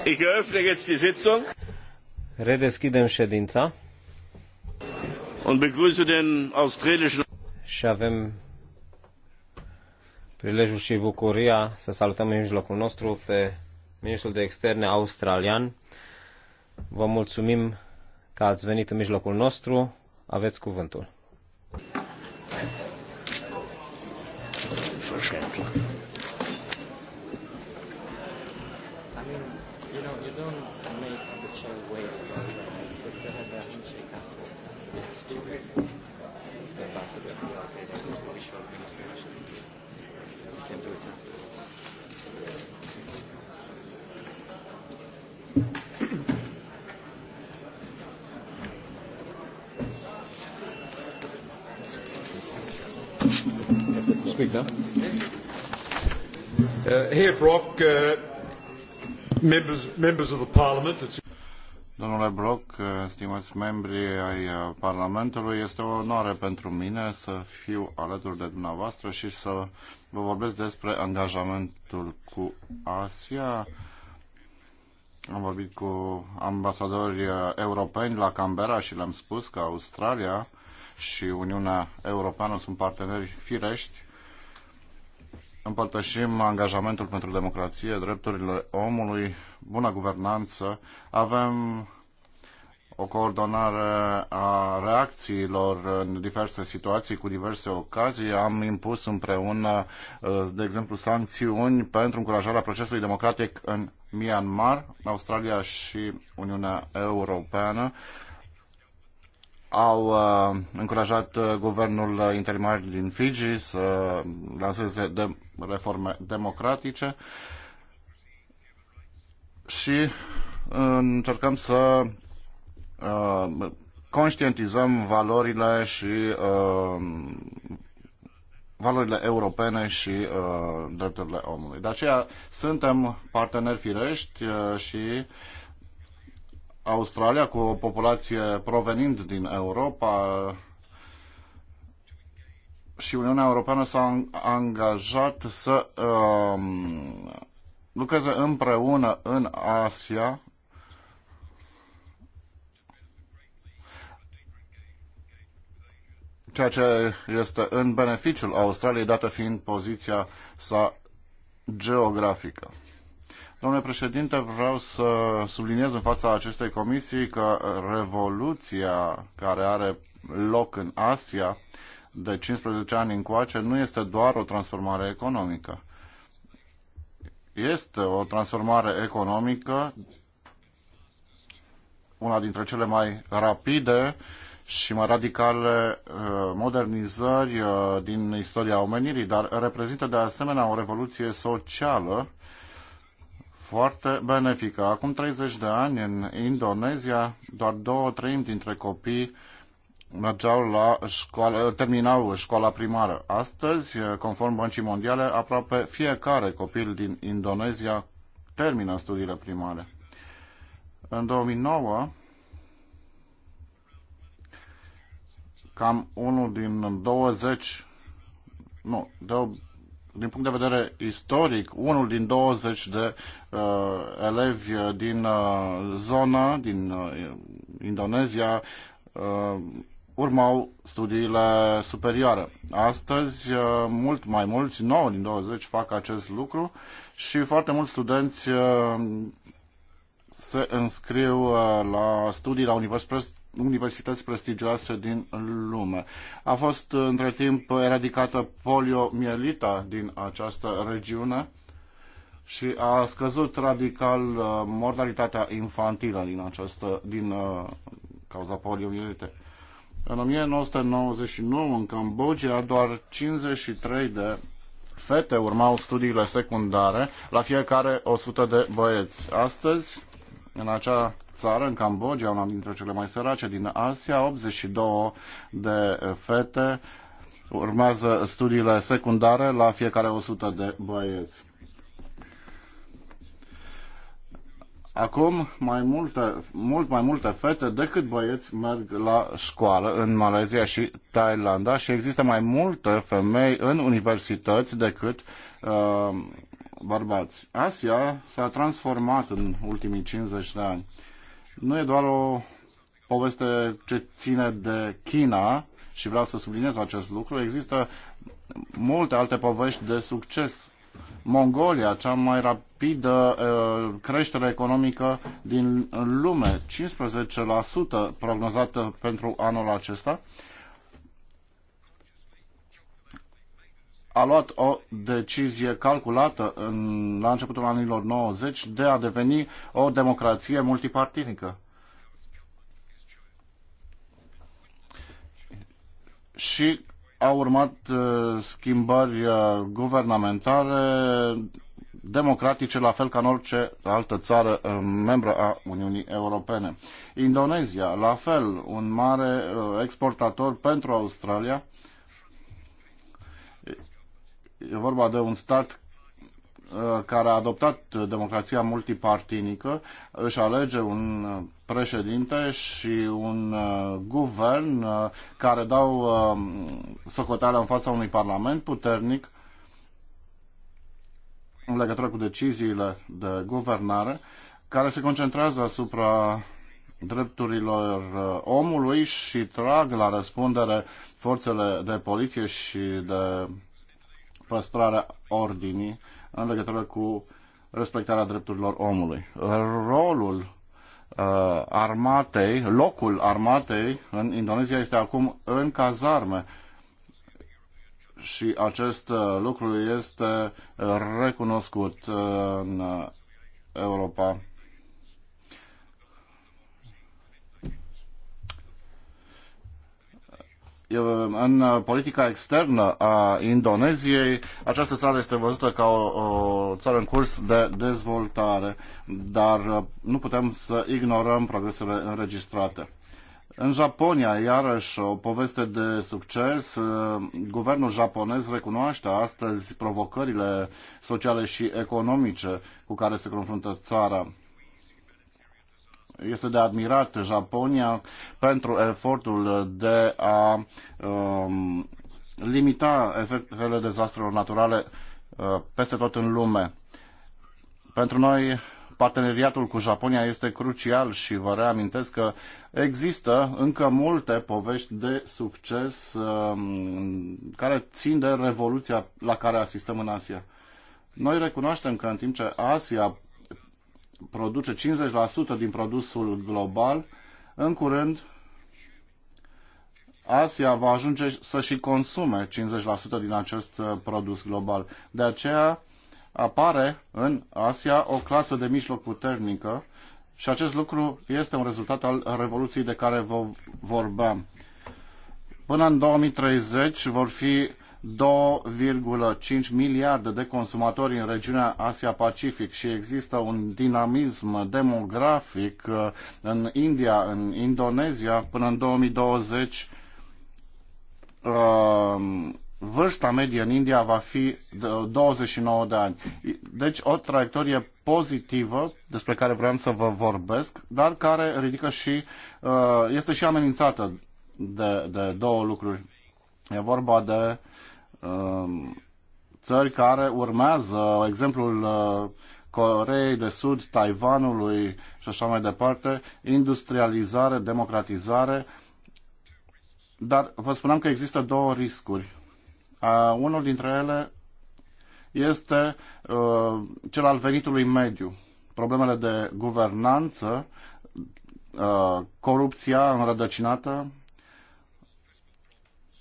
B: Ich eröffne jetzt die Sitzung.
A: Redeschidem ședința.
B: Und begrüße den australischen
A: și avem prilejul și bucuria să salutăm în mijlocul nostru pe ministrul de externe australian. Vă mulțumim că ați venit în mijlocul nostru. Aveți cuvântul.
B: speak now. Uh, here, Brock, uh, members, members of the Parliament. It's... Domnule Brock, uh, stimați membri ai uh, Parlamentului, este o onoare pentru mine să fiu alături de dumneavoastră și să vă vorbesc despre angajamentul cu Asia. Am vorbit cu ambasadori uh, europeni la Canberra și le-am spus că Australia și Uniunea Europeană sunt parteneri firești împărtășim angajamentul pentru democrație, drepturile omului, bună guvernanță. Avem o coordonare a reacțiilor în diverse situații, cu diverse ocazii. Am impus împreună, uh, de exemplu, sancțiuni pentru încurajarea procesului democratic în Myanmar, Australia și Uniunea Europeană au uh, încurajat uh, guvernul uh, interimar din Fiji să lanseze de reforme democratice și uh, încercăm să uh, conștientizăm valorile și uh, valorile europene și uh, drepturile omului. De aceea suntem parteneri firești uh, și uh, Australia, cu o populație provenind din Europa, și Uniunea Europeană s-a angajat să um, lucreze împreună în Asia ceea ce este în beneficiul Australiei, dată fiind poziția sa geografică. Domnule președinte, vreau să subliniez în fața acestei comisii că revoluția care are loc în Asia de 15 ani încoace nu este doar o transformare economică. Este o transformare economică una dintre cele mai rapide și mai radicale uh, modernizări uh, din istoria omenirii, dar reprezintă de asemenea o revoluție socială foarte benefică. Acum 30 de ani, în Indonezia, doar două treimi dintre copii mergeau la școală, terminau școala primară. Astăzi, conform Băncii Mondiale, aproape fiecare copil din Indonezia termină studiile primare. În 2009, cam unul din 20, nu, de din punct de vedere istoric, unul din 20 de uh, elevi uh, din uh, zona, din uh, Indonezia, uh, urmau studiile superioare. Astăzi, uh, mult mai mulți, 9 din 20, fac acest lucru și foarte mulți studenți uh, se înscriu la studii la universități universități prestigioase din lume. A fost uh, între timp eradicată poliomielita din această regiune și a scăzut radical uh, mortalitatea infantilă din, această, din uh, cauza poliomielitei. În 1999, în Cambodgia, doar 53 de fete urmau studiile secundare, la fiecare 100 de băieți. Astăzi, în acea țară, în Cambodgia, una dintre cele mai sărace din Asia, 82 de fete urmează studiile secundare la fiecare 100 de băieți. Acum, mai multe, mult mai multe fete decât băieți merg la școală în Malezia și Thailanda și există mai multe femei în universități decât uh, bărbați. Asia s-a transformat în ultimii 50 de ani. Nu e doar o poveste ce ține de China și vreau să subliniez acest lucru. Există multe alte povești de succes. Mongolia, cea mai rapidă uh, creștere economică din lume, 15% prognozată pentru anul acesta. a luat o decizie calculată în, la începutul anilor 90 de a deveni o democrație multipartinică. Și au urmat uh, schimbări uh, guvernamentare democratice, la fel ca în orice altă țară uh, membră a Uniunii Europene. Indonezia, la fel, un mare uh, exportator pentru Australia, uh, E vorba de un stat uh, care a adoptat democrația multipartinică își alege un uh, președinte și un uh, guvern care dau socoteală în fața unui parlament puternic în legătură cu deciziile de guvernare care se concentrează asupra drepturilor omului și trag la răspundere forțele de poliție și de păstrarea ordinii în legătură cu respectarea drepturilor omului. Rolul uh, armatei, locul armatei în Indonezia este acum în cazarme și acest uh, lucru este uh, recunoscut uh, în Europa în politica externă a Indoneziei, această țară este văzută ca o, o țară în curs de dezvoltare, dar uh, nu putem să ignorăm progresele înregistrate. În Japonia, iarăși, o poveste de succes. Uh, guvernul japonez recunoaște astăzi provocările sociale și economice cu care se confruntă țara este de admirat Japonia pentru efortul de a um, limita efectele dezastrelor naturale uh, peste tot în lume. Pentru noi, parteneriatul cu Japonia este crucial și vă reamintesc că există încă multe povești de succes uh, care țin de revoluția la care asistăm în Asia. Noi recunoaștem că în timp ce Asia produce 50% din produsul global, în curând Asia va ajunge să și consume 50% din acest uh, produs global. De aceea apare în Asia o clasă de mijloc puternică și acest lucru este un rezultat al revoluției de care vă vorbeam. Până în 2030 vor fi 2,5 miliarde de consumatori în regiunea Asia-Pacific și există un dinamism demografic uh, în India, în Indonezia, până în 2020 uh, vârsta medie în India va fi 29 de ani. Deci o traiectorie pozitivă despre care vreau să vă vorbesc, dar care ridică și uh, este și amenințată de, de două lucruri. E vorba de uh, Um, țări care urmează exemplul uh, Coreei de Sud, Taiwanului și așa mai departe, industrializare, democratizare. Dar vă spuneam că există două riscuri. Uh, unul dintre ele este uh, cel al venitului mediu. Problemele de guvernanță, uh, corupția înrădăcinată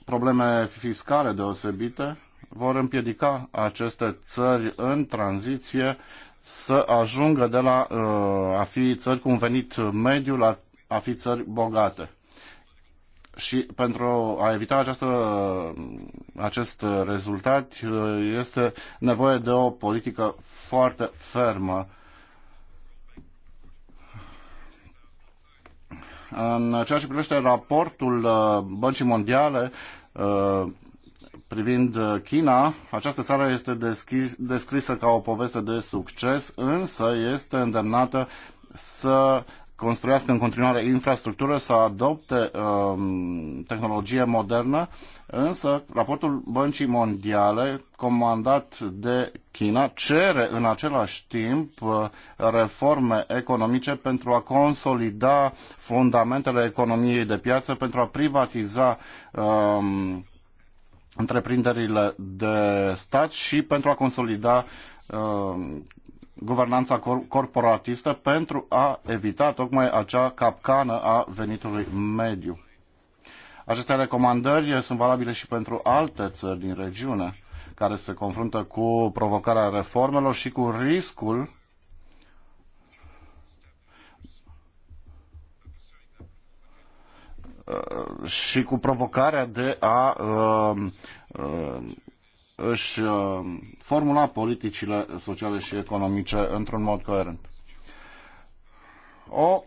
B: probleme fiscale deosebite vor împiedica aceste țări în tranziție să ajungă de la uh, a fi țări cu un venit mediu la a fi țări bogate. Și pentru a evita această, acest rezultat uh, este nevoie de o politică foarte fermă În ceea ce privește raportul uh, Băncii Mondiale, Uh, privind uh, China, această țară este deschis, descrisă ca o poveste de succes, însă este îndemnată să construiască în continuare infrastructură, să adopte um, tehnologie modernă, însă raportul Băncii Mondiale, comandat de China, cere în același timp uh, reforme economice pentru a consolida fundamentele economiei de piață, pentru a privatiza um, întreprinderile de stat și pentru a consolida um, guvernanța corporatistă pentru a evita tocmai acea capcană a venitului mediu. Aceste recomandări sunt valabile și pentru alte țări din regiune care se confruntă cu provocarea reformelor și cu riscul și cu provocarea de a uh, uh, își uh, formula politicile sociale și economice într-un mod coerent. O,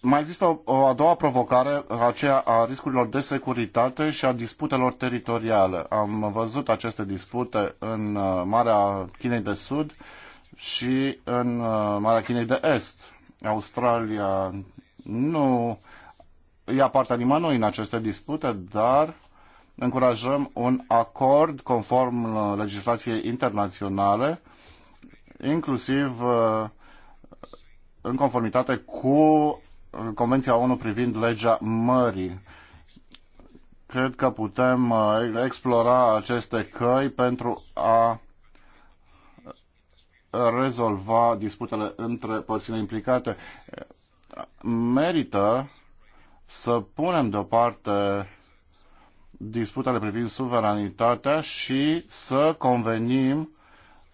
B: mai există o, o a doua provocare, aceea a riscurilor de securitate și a disputelor teritoriale. Am văzut aceste dispute în uh, Marea Chinei de Sud și în uh, Marea Chinei de Est. Australia nu ia partea nimănui în aceste dispute, dar încurajăm un acord conform uh, legislației internaționale, inclusiv uh, în conformitate cu uh, Convenția ONU privind legea mării. Cred că putem explora aceste căi pentru a rezolva disputele între părțile implicate. Merită să punem deoparte disputele privind suveranitatea și să convenim,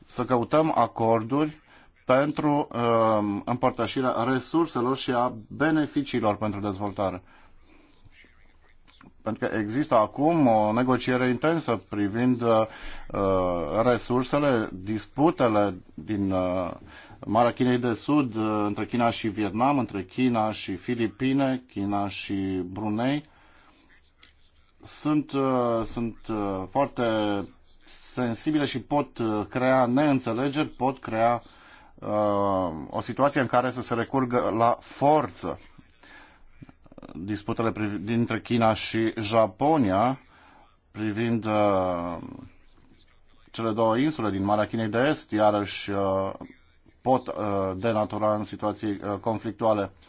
B: să căutăm acorduri pentru uh, împărtășirea resurselor și a beneficiilor pentru dezvoltare. Pentru că există acum o negociere intensă privind uh, resursele, disputele din uh, Marea Chinei de Sud, uh, între China și Vietnam, între China și Filipine, China și Brunei sunt, uh, sunt uh, foarte sensibile și pot uh, crea neînțelegeri, pot crea uh, o situație în care să se recurgă la forță. Disputele dintre China și Japonia privind uh, cele două insule din Marea Chinei de Est, iarăși uh, pot uh, denatura în situații uh, conflictuale. Uh,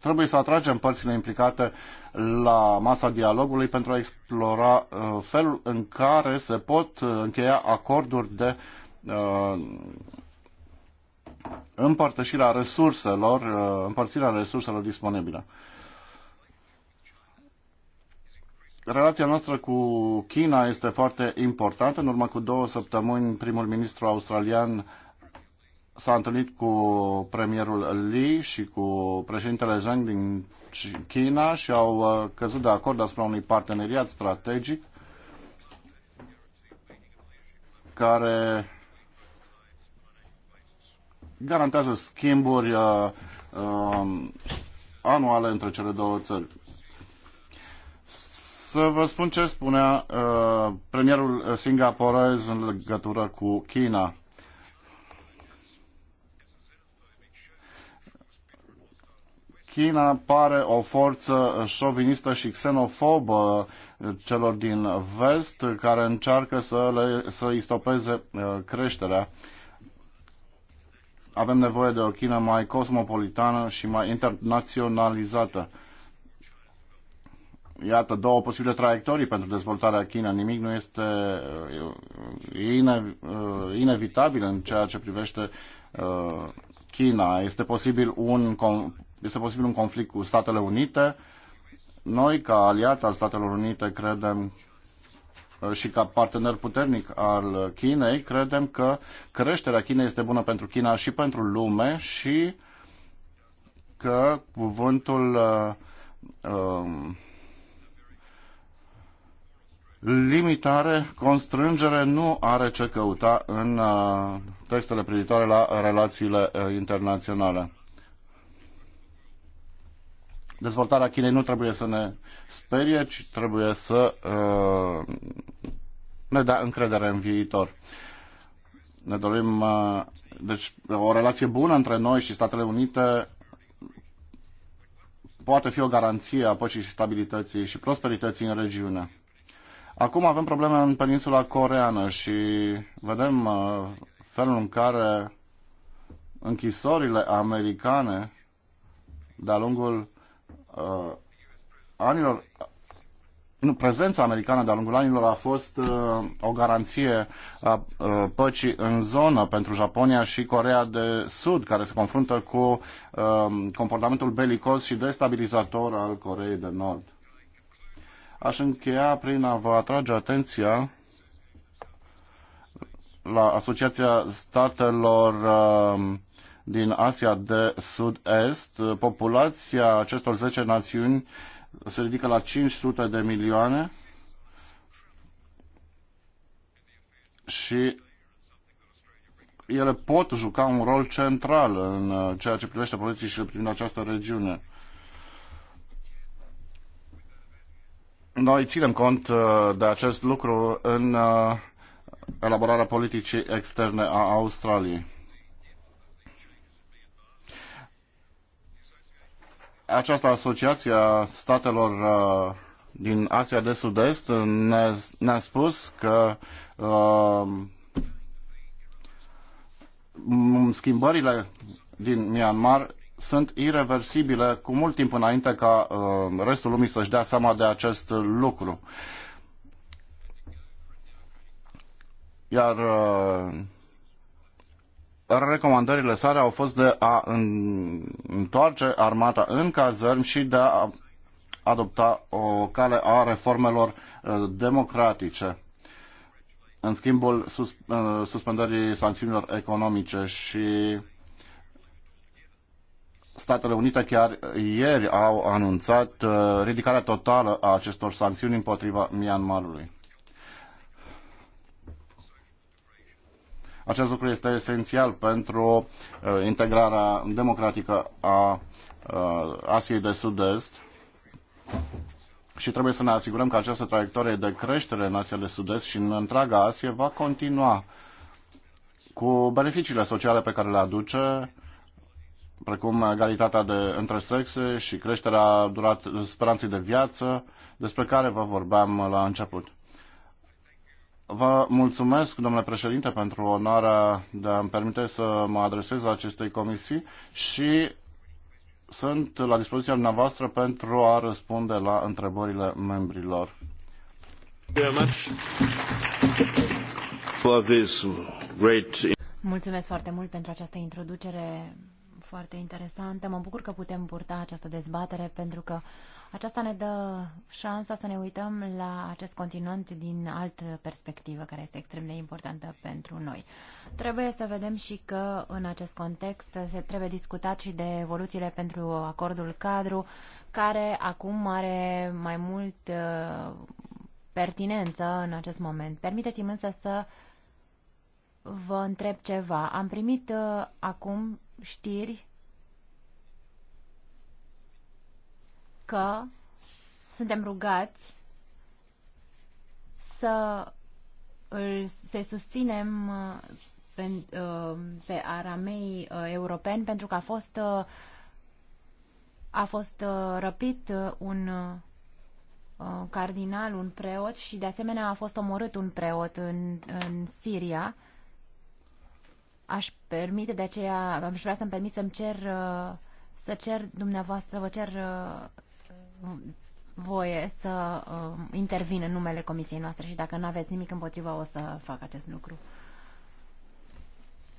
B: Trebuie să atragem părțile implicate la masa dialogului pentru a explora uh, felul în care se pot uh, încheia acorduri de uh, împărtășirea resurselor, împărțirea resurselor disponibile. Relația noastră cu China este foarte importantă. În urmă cu două săptămâni, primul ministru australian s-a întâlnit cu premierul Li și cu președintele Zhang din China și au uh, căzut de acord asupra unui parteneriat strategic care garantează schimburi uh, uh, anuale între cele două țări. Să vă spun ce spunea uh, premierul singaporez în legătură cu China. China pare o forță șovinistă și xenofobă celor din vest care încearcă să, le, să istopeze uh, creșterea. Avem nevoie de o China mai cosmopolitană și mai internaționalizată. Iată două posibile traiectorii pentru dezvoltarea China. Nimic nu este uh, ine, uh, inevitabil în ceea ce privește China. Este posibil un este posibil un conflict cu Statele Unite. Noi, ca aliat al Statelor Unite, credem uh, și ca partener puternic al Chinei, credem că creșterea Chinei este bună pentru China și pentru lume și că cuvântul uh, um, limitare, constrângere nu are ce căuta în uh, textele privitoare la relațiile uh, internaționale. Dezvoltarea Chinei nu trebuie să ne sperie, ci trebuie să uh, ne dea încredere în viitor. Ne dorim uh, deci, o relație bună între noi și Statele Unite poate fi o garanție a păcii și stabilității și prosperității în regiune. Acum avem probleme în peninsula coreană și vedem uh, felul în care închisorile americane de-a lungul uh, anilor, nu, prezența americană de-a lungul anilor a fost uh, o garanție a uh, păcii în zonă pentru Japonia și Corea de Sud, care se confruntă cu uh, comportamentul belicos și destabilizator al Coreei de Nord. Aș încheia prin a vă atrage atenția la Asociația Statelor uh, din Asia de Sud-Est. Populația acestor 10 națiuni se ridică la 500 de milioane și ele pot juca un rol central în uh, ceea ce privește politicile privind această regiune. Noi ținem cont uh, de acest lucru în uh, elaborarea politicii externe a Australiei. această asociație a statelor uh, din Asia de Sud-Est ne, ne-a spus că uh, schimbările din Myanmar sunt irreversibile cu mult timp înainte ca uh, restul lumii să-și dea seama de acest lucru. Iar uh, recomandările sale au fost de a întoarce armata în cazărmi și de a adopta o cale a reformelor uh, democratice în schimbul sus, uh, suspendării sancțiunilor economice și Statele Unite chiar ieri au anunțat uh, ridicarea totală a acestor sancțiuni împotriva Myanmarului. Acest lucru este esențial pentru uh, integrarea democratică a uh, Asiei de Sud-Est și trebuie să ne asigurăm că această traiectorie de creștere în Asia de Sud-Est și în întreaga Asie va continua cu beneficiile sociale pe care le aduce, precum egalitatea de, între sexe și creșterea durat, speranței de viață, despre care vă vorbeam la început. Vă mulțumesc, domnule președinte, pentru onoarea de a-mi permite să mă adresez acestei comisii și sunt la dispoziția dumneavoastră pentru a răspunde la întrebările membrilor. Mulțumesc
C: foarte mult pentru această introducere foarte interesantă. Mă bucur că putem purta această dezbatere pentru că aceasta ne dă șansa să ne uităm la acest continent din altă perspectivă, care este extrem de importantă pentru noi. Trebuie să vedem și că în acest context se trebuie discutat și de evoluțiile pentru acordul cadru, care acum are mai mult uh, pertinență în acest moment. Permiteți-mi însă să vă întreb ceva. Am primit uh, acum știri că suntem rugați să îl, să susținem uh, pe, uh, pe aramei uh, europeni pentru că a fost a fost răpit un cardinal, un preot și de asemenea a fost omorât un preot în, în Siria. Aș permite de aceea, aș vrea să-mi permit să-mi cer să cer dumneavoastră, vă cer voie să um, intervin în numele comisiei noastre și dacă nu aveți nimic împotriva o să fac acest lucru.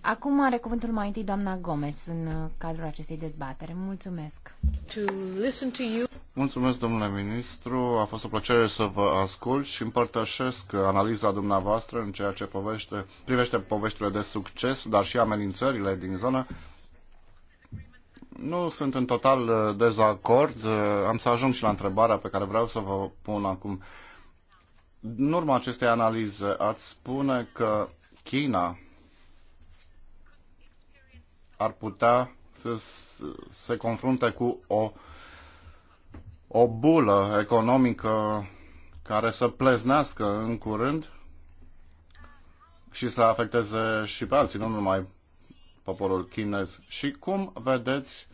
C: Acum are cuvântul mai întâi doamna Gomes în cadrul acestei dezbatere. Mulțumesc.
B: To listen to you. Mulțumesc, domnule ministru. A fost o plăcere să vă ascult și împărtășesc analiza dumneavoastră în ceea ce povește, privește poveștile de succes, dar și amenințările din zonă nu sunt în total uh, dezacord. Uh, am să ajung și la întrebarea pe care vreau să vă pun acum. În urma acestei analize, ați spune că China ar putea să se confrunte cu o, o bulă economică care să pleznească în curând și să afecteze și pe alții, nu numai poporul chinez. Și cum vedeți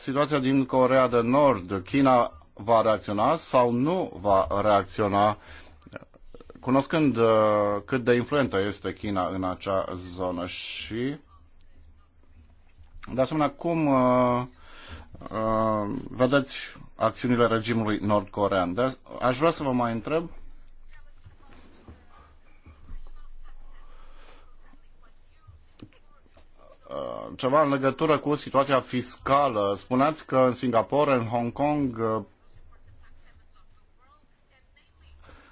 B: situația din Corea de Nord, China va reacționa sau nu va reacționa, cunoscând uh, cât de influentă este China în acea zonă și, de asemenea, cum uh, uh, vedeți acțiunile regimului nord-corean. Aș vrea să vă mai întreb Uh, ceva în legătură cu situația fiscală. Spuneați că în Singapore, în Hong Kong, uh,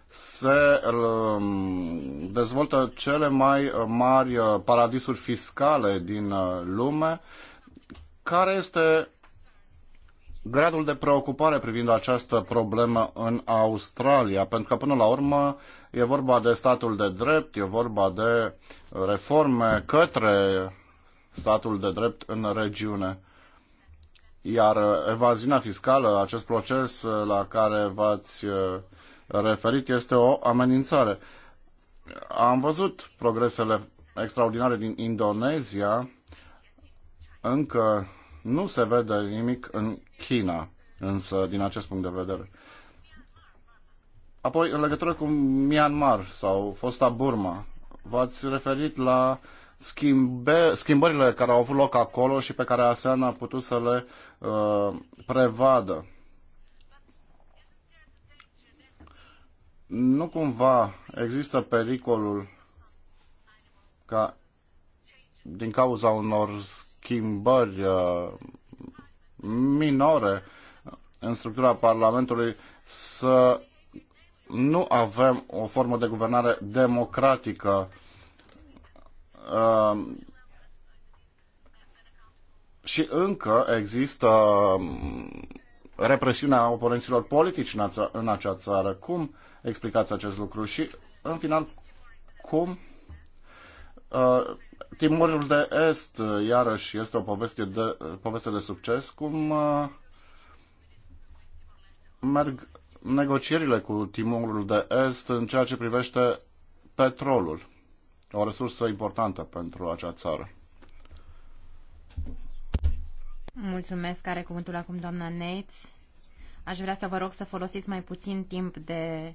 B: se uh, dezvoltă cele mai mari paradisuri fiscale din lume. Care este gradul de preocupare privind această problemă în Australia, pentru că până la urmă e vorba de statul de drept, e vorba de reforme către statul de drept în regiune. Iar evaziunea fiscală, acest proces la care v-ați uh, referit, este o amenințare. Am văzut progresele extraordinare din Indonezia, încă nu se vede nimic în China, însă, din acest punct de vedere. Apoi, în legătură cu Myanmar sau fosta Burma, v-ați referit la schimbe, schimbările care au avut loc acolo și pe care ASEAN a putut să le uh, prevadă. Nu cumva există pericolul ca din cauza unor schimbări uh, minore în structura Parlamentului să nu avem o formă de guvernare democratică Um, și încă există um, represiunea oponenților politici în, ața, în acea țară. Cum explicați acest lucru? Și, în final, cum uh, Timorul de Est, iarăși, este o poveste de, poveste de succes. Cum uh, merg negocierile cu Timorul de Est în ceea ce privește petrolul? o resursă importantă pentru acea țară.
C: Mulțumesc, are cuvântul acum doamna Neitz. Aș vrea să vă rog să folosiți mai puțin timp de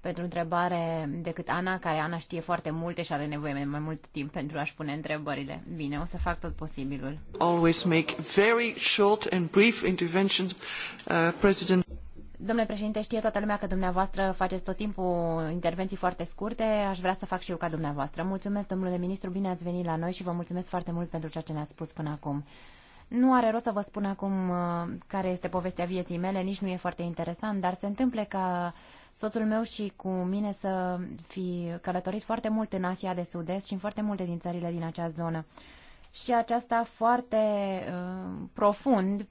C: pentru întrebare decât Ana, care Ana știe foarte multe și are nevoie de mai mult timp pentru a-și pune întrebările. Bine, o să fac tot posibilul.
B: Always make very short and brief interventions, uh, President.
C: Domnule președinte, știe toată lumea că dumneavoastră faceți tot timpul intervenții foarte scurte. Aș vrea să fac și eu ca dumneavoastră. Mulțumesc, domnule ministru, bine ați venit la noi și vă mulțumesc foarte mult pentru ceea ce ne-ați spus până acum. Nu are rost să vă spun acum uh, care este povestea vieții mele, nici nu e foarte interesant, dar se întâmplă ca soțul meu și cu mine să fi călătorit foarte mult în Asia de Sud-Est și în foarte multe din țările din acea zonă și aceasta foarte uh, profund.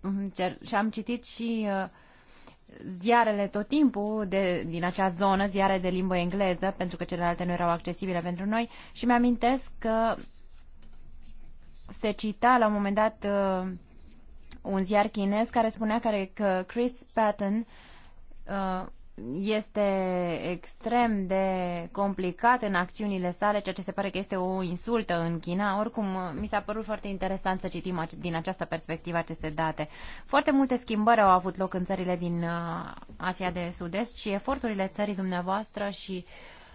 C: Și am citit și uh, ziarele tot timpul de, din acea zonă, ziare de limbă engleză, pentru că celelalte nu erau accesibile pentru noi și mi-amintesc că se cita la un moment dat uh, un ziar chinez care spunea care, că Chris Patton uh, este extrem de complicat în acțiunile sale, ceea ce se pare că este o insultă în China. Oricum, mi s-a părut foarte interesant să citim din această perspectivă aceste date. Foarte multe schimbări au avut loc în țările din uh, Asia de Sud-Est și eforturile țării dumneavoastră și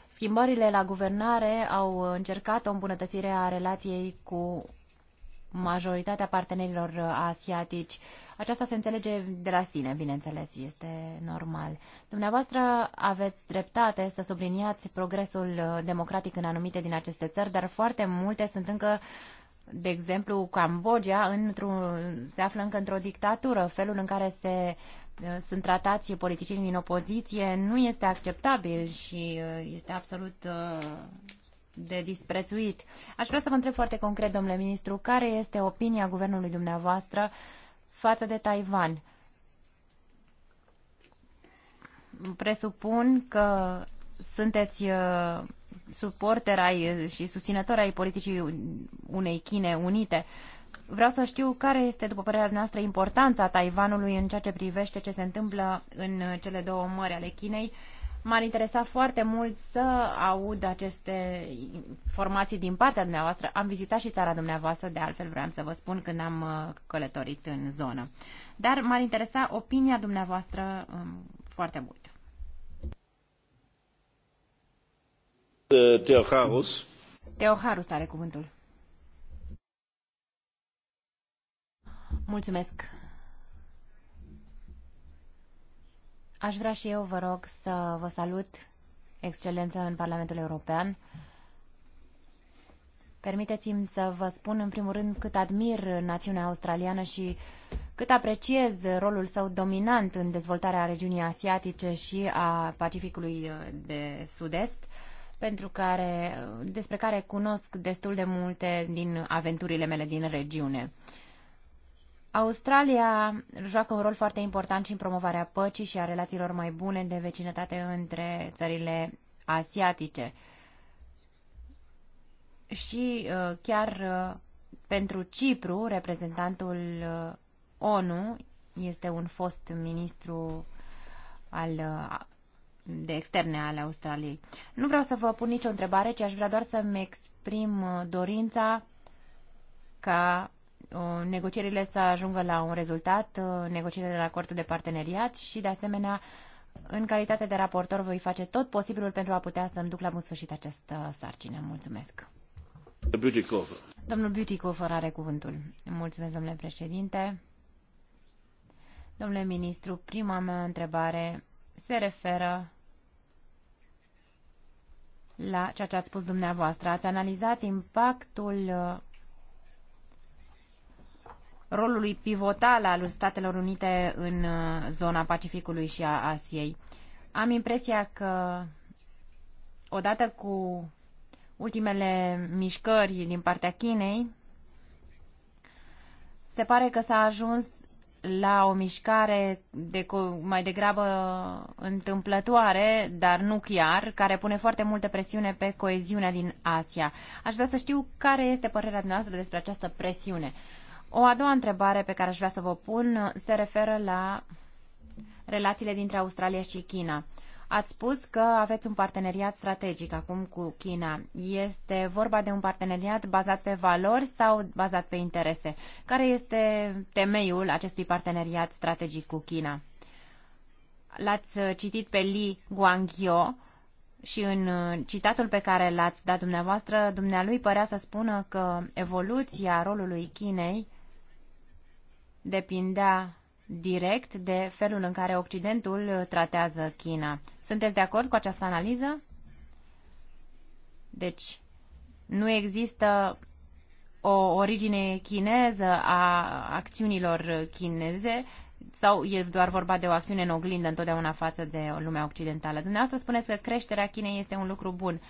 C: schimbările la guvernare au încercat o îmbunătățire a relației cu majoritatea partenerilor uh, asiatici. Uh, aceasta se înțelege de la sine, bineînțeles, este normal. Dumneavoastră aveți dreptate să subliniați progresul uh, democratic în anumite din aceste țări, dar foarte multe sunt încă de exemplu, Cambodgia se află încă într-o dictatură. Felul în care se uh, sunt tratați politicieni din opoziție nu este acceptabil și uh, este absolut de disprețuit. Aș vrea să vă întreb foarte concret, domnule ministru, care este opinia guvernului dumneavoastră față de Taiwan. Presupun că sunteți uh, suporter ai uh, și susținător ai politicii unei Chine unite. Vreau să știu care este, după părerea noastră, importanța Taiwanului în ceea ce privește ce se întâmplă în uh, cele două mări ale Chinei M-ar interesa foarte mult să aud aceste informații din partea dumneavoastră. Am vizitat și țara dumneavoastră, de altfel vreau să vă spun când am uh, călătorit în zonă. Dar m-ar interesa opinia dumneavoastră um, foarte mult.
B: Teoharus.
C: Teoharus are cuvântul. Mulțumesc, Aș vrea și eu, vă rog, să vă salut, Excelență, în Parlamentul European. Permiteți-mi să vă spun, în primul rând, cât admir națiunea australiană și cât apreciez rolul său dominant în dezvoltarea regiunii asiatice și a Pacificului uh, de Sud-Est, pentru care, uh, despre care cunosc destul de multe din aventurile mele din regiune. Australia joacă un rol foarte important și în promovarea păcii și a relațiilor mai bune de vecinătate între țările asiatice. Și uh, chiar uh, pentru Cipru, reprezentantul uh, ONU este un fost ministru al, de externe ale Australiei. Nu vreau să vă pun nicio întrebare, ci aș vrea doar să-mi exprim dorința ca Uh, negocierile să ajungă la un rezultat, uh, negocierile la acordul de parteneriat și, de asemenea, în calitate de raportor voi face tot posibilul pentru a putea să-mi duc la bun sfârșit această sarcină. Mulțumesc! Domnul Beautycofer are cuvântul. Mulțumesc, domnule președinte. Domnule ministru, prima mea întrebare se referă la ceea ce ați spus dumneavoastră. Ați analizat impactul uh, rolului pivotal al Statelor Unite în uh, zona Pacificului și a Asiei. Am impresia că odată cu ultimele mișcări din partea Chinei, se pare că s-a ajuns la o mișcare de, mai degrabă întâmplătoare, dar nu chiar, care pune foarte multă presiune pe coeziunea din Asia. Aș vrea să știu care este părerea dumneavoastră despre această presiune. Uh, o a doua întrebare pe care aș vrea să vă pun se referă la relațiile dintre Australia și China. Ați spus că aveți un parteneriat strategic acum cu China. Este vorba de un parteneriat bazat pe valori sau bazat pe interese? Care este temeiul acestui parteneriat strategic cu China? L-ați citit pe Li Guangyo și în citatul pe care l-ați dat dumneavoastră, dumnealui părea să spună că evoluția rolului Chinei depindea direct de felul în care Occidentul uh, tratează China. Sunteți de acord cu această analiză? Deci, nu există o origine chineză a acțiunilor chineze sau e doar vorba de o acțiune în oglindă întotdeauna față de lumea occidentală? Dumneavoastră spuneți că creșterea Chinei este un lucru bun.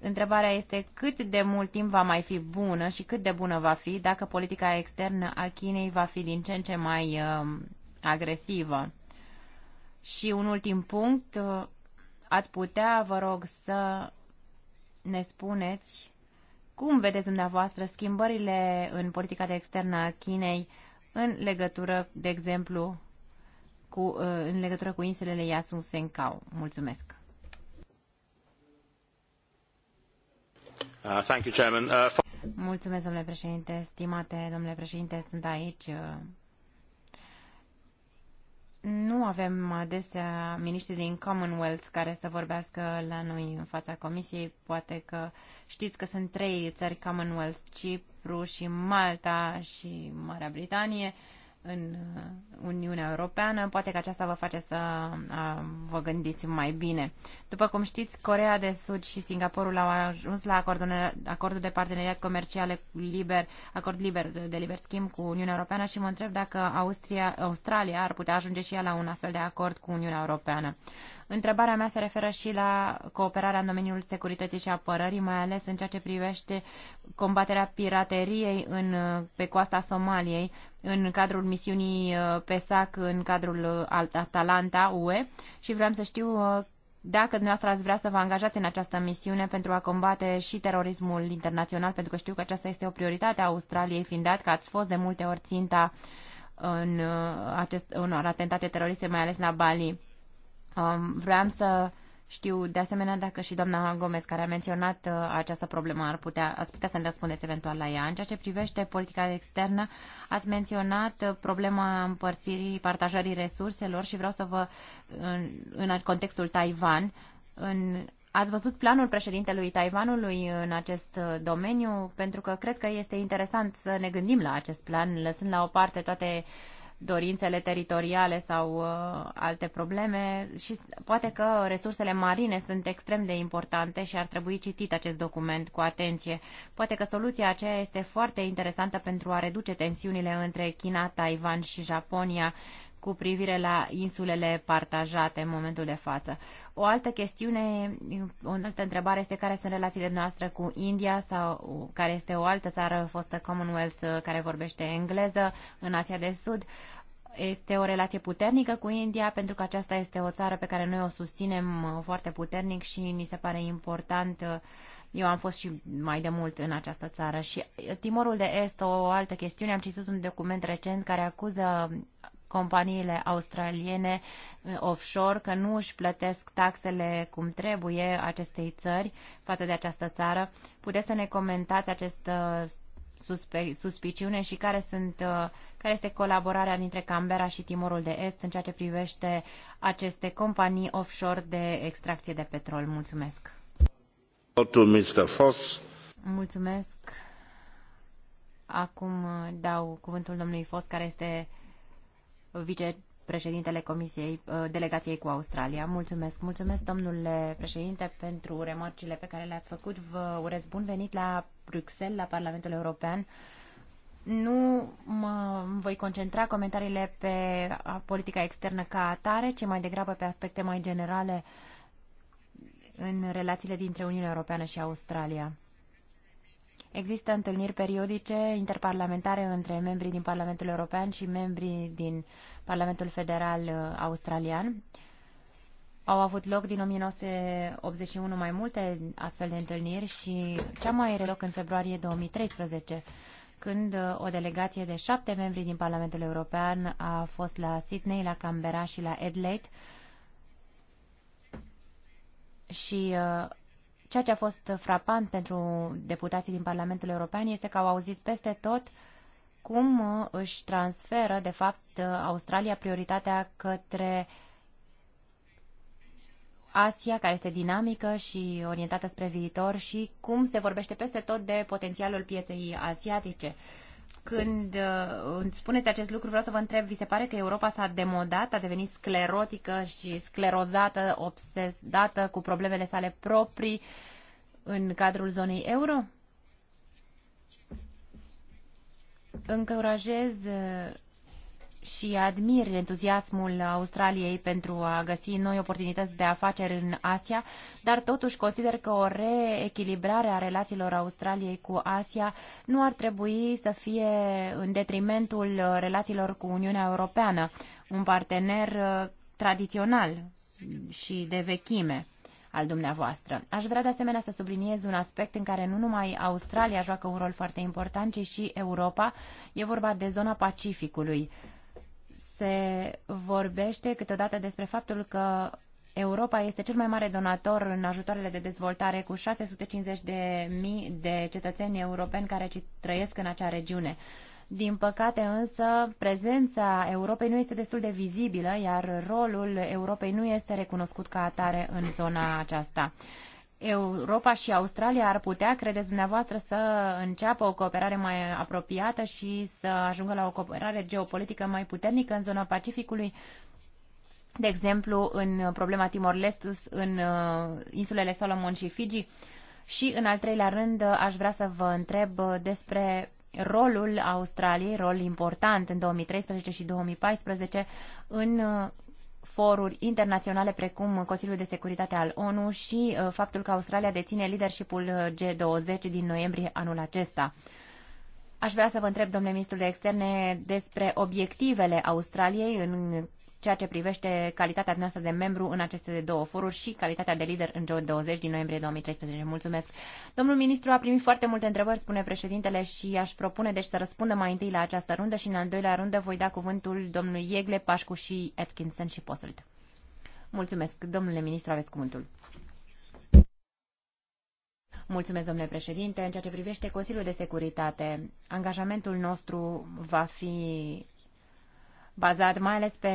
C: Întrebarea este cât de mult timp va mai fi bună și cât de bună va fi dacă politica externă a Chinei va fi din ce în ce mai uh, agresivă. Și un ultim punct, uh, ați putea, vă rog, să ne spuneți cum vedeți dumneavoastră schimbările în politica de externă a Chinei în legătură, de exemplu, cu, uh, în legătură cu insulele Yasun Senkau. Mulțumesc!
A: Uh, uh,
C: Mulțumesc, domnule președinte. Stimate domnule președinte, sunt aici. Nu avem adesea miniștri din Commonwealth care să vorbească la noi în fața comisiei. Poate că știți că sunt trei țări Commonwealth, Cipru și Malta și Marea Britanie. Uh, în uh, Uniunea Europeană. Poate că aceasta vă face să uh, vă gândiți mai bine. După cum știți, Corea de Sud și Singaporul au ajuns la acordul de parteneriat comercial liber, acord liber de liber schimb cu Uniunea Europeană și mă întreb dacă Austria, Australia ar putea ajunge și ea la un astfel de acord cu Uniunea Europeană. Întrebarea mea se referă și la cooperarea în domeniul securității și apărării, mai ales în ceea ce privește combaterea pirateriei în, uh, pe coasta Somaliei, în cadrul misiunii uh, PESAC, în cadrul uh, Atalanta UE și vreau să știu uh, dacă dumneavoastră ați vrea să vă angajați în această misiune pentru a combate și terorismul internațional, pentru că știu că aceasta este o prioritate a Australiei, fiind dat că ați fost de multe ori ținta în acest, unor atentate teroriste, mai ales la Bali. Um, vreau să știu de asemenea dacă și doamna Gomez, care a menționat uh, această problemă, ar putea, ați putea să mi răspundeți eventual la ea. În ceea ce privește politica externă, ați menționat uh, problema împărțirii, partajării resurselor și vreau să vă, în, în contextul Taiwan, în Ați văzut planul președintelui Taiwanului în acest uh, domeniu? Pentru că cred că este interesant să ne gândim la acest plan, lăsând la o parte toate uh, dorințele teritoriale sau uh, alte probleme și poate că resursele marine sunt extrem de importante și ar trebui citit acest document cu atenție. Poate că soluția aceea este foarte interesantă pentru a reduce tensiunile între China, Taiwan și Japonia cu privire la insulele partajate în momentul de față. O altă chestiune, o altă întrebare este care sunt relațiile noastre cu India sau care este o altă țară fostă Commonwealth care vorbește engleză în Asia de Sud. Este o relație puternică cu India pentru că aceasta este o țară pe care noi o susținem foarte puternic și ni se pare important eu am fost și mai de mult în această țară și Timorul de Est, o altă chestiune, am citit un document recent care acuză companiile australiene eh, offshore că nu își plătesc taxele cum trebuie acestei țări față de această țară. Puteți să ne comentați această suspiciune și care, sunt, eh, care este colaborarea dintre Canberra și Timorul de Est în ceea ce privește aceste companii offshore de extracție de petrol. Mulțumesc! Mulțumesc! Acum eh, dau cuvântul domnului Fos, care este vicepreședintele Comisiei uh, Delegației cu Australia. Mulțumesc, mulțumesc domnule președinte pentru remarcile pe care le-ați făcut. Vă urez bun venit la Bruxelles, la Parlamentul European nu mă voi concentra comentariile pe politica externă ca atare, ci mai degrabă pe aspecte mai generale în relațiile dintre Uniunea Europeană și Australia. Există întâlniri periodice interparlamentare între membrii din Parlamentul European și membrii din Parlamentul Federal uh, Australian. Au avut loc din 1981 mai multe astfel de întâlniri și cea mai are loc în februarie 2013, când uh, o delegație de șapte membri din Parlamentul European a fost la Sydney, la Canberra și la Adelaide și uh, Ceea ce a fost frapant pentru deputații din Parlamentul European este că au auzit peste tot cum uh, își transferă, de fapt, uh, Australia prioritatea către Asia, care este dinamică și orientată spre viitor și cum se vorbește peste tot de potențialul pieței asiatice. Când uh, spuneți acest lucru, vreau să vă întreb, vi se pare că Europa s-a demodat, a devenit sclerotică și sclerozată, obsedată cu problemele sale proprii în cadrul zonei euro? Încurajez uh, și admir entuziasmul Australiei pentru a găsi noi oportunități de afaceri în Asia, dar totuși consider că o reechilibrare a relațiilor Australiei cu Asia nu ar trebui să fie în detrimentul relațiilor cu Uniunea Europeană, un partener uh, tradițional și de vechime al dumneavoastră. Aș vrea de asemenea să subliniez un aspect în care nu numai Australia joacă un rol foarte important, ci și Europa. E vorba de zona Pacificului se vorbește câteodată despre faptul că Europa este cel mai mare donator în ajutoarele de dezvoltare cu 650 de mii de cetățeni europeni care trăiesc în acea regiune. Din păcate însă, prezența Europei nu este destul de vizibilă, iar rolul Europei nu este recunoscut ca atare în zona aceasta. Europa și Australia ar putea, credeți dumneavoastră, să înceapă o cooperare mai apropiată și să ajungă la o cooperare geopolitică mai puternică în zona Pacificului, de exemplu, în problema Timor-Lestus, în uh, insulele Solomon și Fiji? Și, în al treilea rând, aș vrea să vă întreb despre rolul Australiei, rol important în 2013 și 2014, în uh, foruri internaționale precum Consiliul de Securitate al ONU și uh, faptul că Australia deține leadershipul uh, G20 din noiembrie anul acesta. Aș vrea să vă întreb, domnule ministru de externe, despre obiectivele Australiei în ceea ce privește calitatea noastră de membru în aceste două foruri și calitatea de lider în G20 din noiembrie 2013. Mulțumesc. Domnul ministru a primit foarte multe întrebări, spune președintele, și aș propune deci să răspundă mai întâi la această rundă și în al doilea rundă voi da cuvântul domnului Iegle, Pașcu și Atkinson și Posselt. Mulțumesc. Domnule ministru, aveți cuvântul. Mulțumesc, domnule președinte. În ceea ce privește Consiliul de Securitate, angajamentul nostru va fi bazat mai ales pe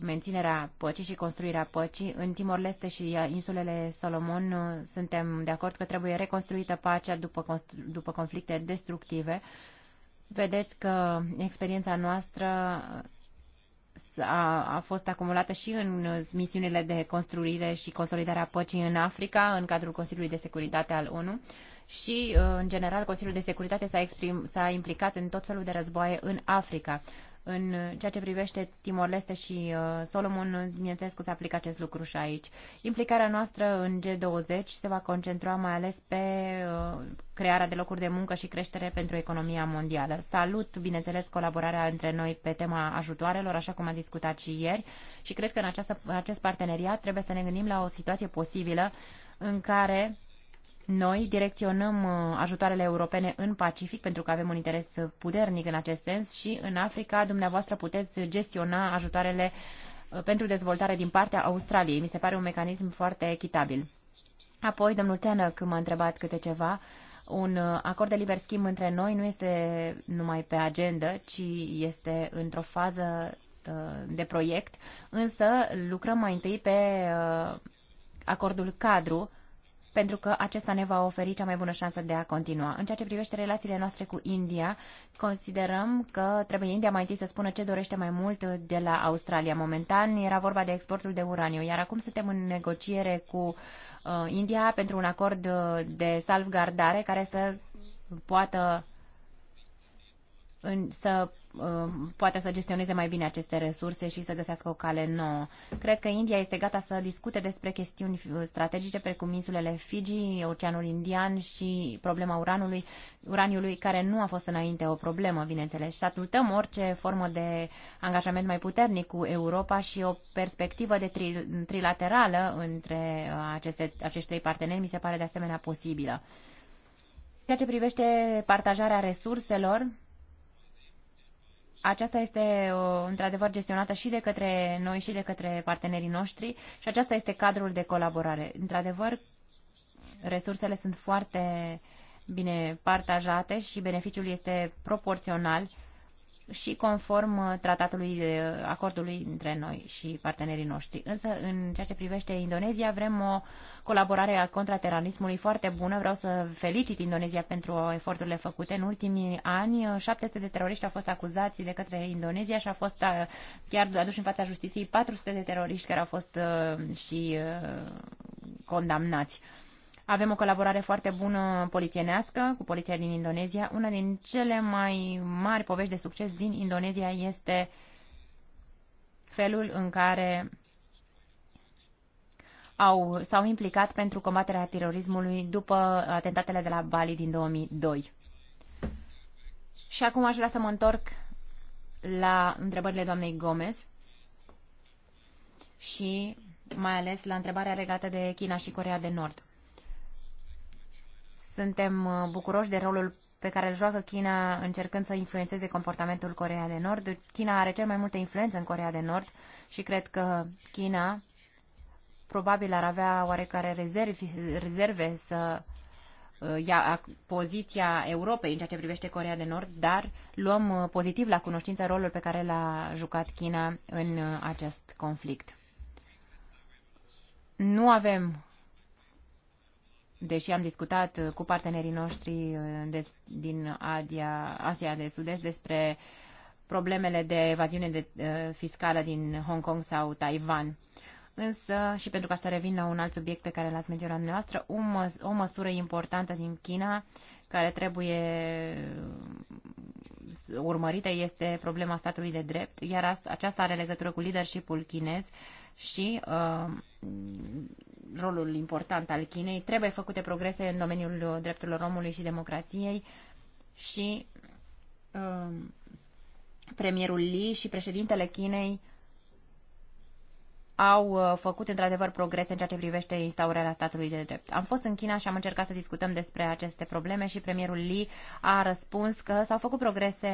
C: menținerea păcii și construirea păcii. În Timor-Leste și uh, insulele Solomon uh, suntem de acord că trebuie reconstruită pacea după, după conflicte destructive. Vedeți că experiența noastră uh, a, a fost acumulată și în misiunile de construire și consolidare a păcii în Africa, în cadrul Consiliului de Securitate al ONU și, în general, Consiliul de Securitate s-a, exprim, s-a implicat în tot felul de războaie în Africa. În ceea ce privește Timor-Leste și uh, Solomon, bineînțeles că se aplică acest lucru și aici. Implicarea noastră în G20 se va concentra mai ales pe uh, crearea de locuri de muncă și creștere pentru economia mondială. Salut, bineînțeles, colaborarea între noi pe tema ajutoarelor, așa cum am discutat și ieri, și cred că în această, acest parteneriat trebuie să ne gândim la o situație posibilă în care noi direcționăm uh, ajutoarele europene în Pacific pentru că avem un interes puternic în acest sens și în Africa dumneavoastră puteți gestiona ajutoarele uh, pentru dezvoltare din partea Australiei. Mi se pare un mecanism foarte echitabil. Apoi, domnul când m-a întrebat câte ceva. Un uh, acord de liber schimb între noi nu este numai pe agenda, ci este într-o fază de proiect, însă lucrăm mai întâi pe acordul cadru pentru că acesta ne va oferi cea mai bună șansă de a continua. În ceea ce privește relațiile noastre cu India, considerăm că trebuie India mai întâi să spună ce dorește mai mult de la Australia. Momentan era vorba de exportul de uraniu, iar acum suntem în negociere cu uh, India pentru un acord de salvgardare care să poată în, să uh, poate să gestioneze mai bine aceste resurse și să găsească o cale nouă. Cred că India este gata să discute despre chestiuni uh, strategice precum insulele Fiji, Oceanul Indian și problema uranului, uraniului, care nu a fost înainte o problemă, bineînțeles. Și atultăm orice formă de angajament mai puternic cu Europa și o perspectivă de tri, trilaterală între uh, aceste, acești trei parteneri mi se pare de asemenea posibilă. Ceea ce privește partajarea resurselor, aceasta este într-adevăr gestionată și de către noi și de către partenerii noștri și aceasta este cadrul de colaborare. Într-adevăr, resursele sunt foarte bine partajate și beneficiul este proporțional și conform uh, tratatului de uh, acordului între noi și partenerii noștri. Însă, în ceea ce privește Indonezia, vrem o colaborare a contraterorismului foarte bună. Vreau să felicit Indonezia pentru eforturile făcute. În ultimii ani, 700 uh, de teroriști au fost acuzați de către Indonezia și a fost chiar aduși în fața justiției 400 de teroriști care au fost și condamnați. Avem o colaborare foarte bună polițienească cu poliția din Indonezia. Una din cele mai mari povești de succes din Indonezia este felul în care au, s-au implicat pentru combaterea terorismului după atentatele de la Bali din 2002. Și acum aș vrea să mă întorc la întrebările doamnei Gomez și mai ales la întrebarea legată de China și Corea de Nord. Suntem uh, bucuroși de rolul pe care îl joacă China încercând să influențeze comportamentul Coreea de Nord. China are cel mai multă influență în Coreea de Nord și cred că China probabil ar avea oarecare rezervi, rezerve să uh, ia poziția Europei în ceea ce privește Corea de Nord, dar luăm uh, pozitiv la cunoștință rolul pe care l-a jucat China în acest conflict. Nu avem deși am discutat uh, cu partenerii noștri uh, de, din Adia, Asia de Sud-Est despre problemele de evaziune de, uh, fiscală din Hong Kong sau Taiwan. Însă, și pentru ca să revin la un alt subiect pe care l-ați menționat dumneavoastră, o, măs- o măsură importantă din China care trebuie urmărită este problema statului de drept, iar asta, aceasta are legătură cu leadership chinez și uh, rolul important al Chinei. Trebuie făcute progrese în domeniul drepturilor omului și democrației și um, premierul Li și președintele Chinei au uh, făcut într-adevăr progrese în ceea ce privește instaurarea statului de drept. Am fost în China și am încercat să discutăm despre aceste probleme și premierul Li a răspuns că s-au făcut progrese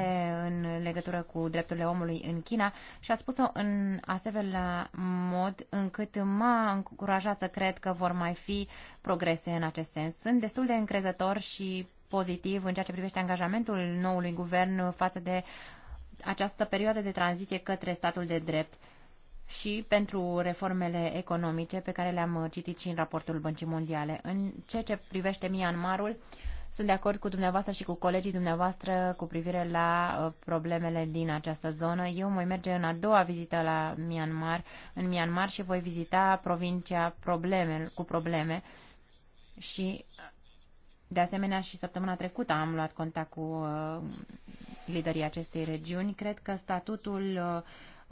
C: în legătură cu drepturile omului în China și a spus-o în asemenea mod încât m-a încurajat să cred că vor mai fi progrese în acest sens. Sunt destul de încrezător și pozitiv în ceea ce privește angajamentul noului guvern față de această perioadă de tranziție către statul de drept și pentru reformele economice pe care le-am uh, citit și în raportul Băncii Mondiale. În ceea ce privește Myanmarul, sunt de acord cu dumneavoastră și cu colegii dumneavoastră cu privire la uh, problemele din această zonă. Eu voi merge în a doua vizită la Myanmar, în Myanmar și voi vizita provincia probleme, cu probleme și uh, de asemenea, și săptămâna trecută am luat contact cu uh, liderii acestei regiuni. Cred că statutul uh,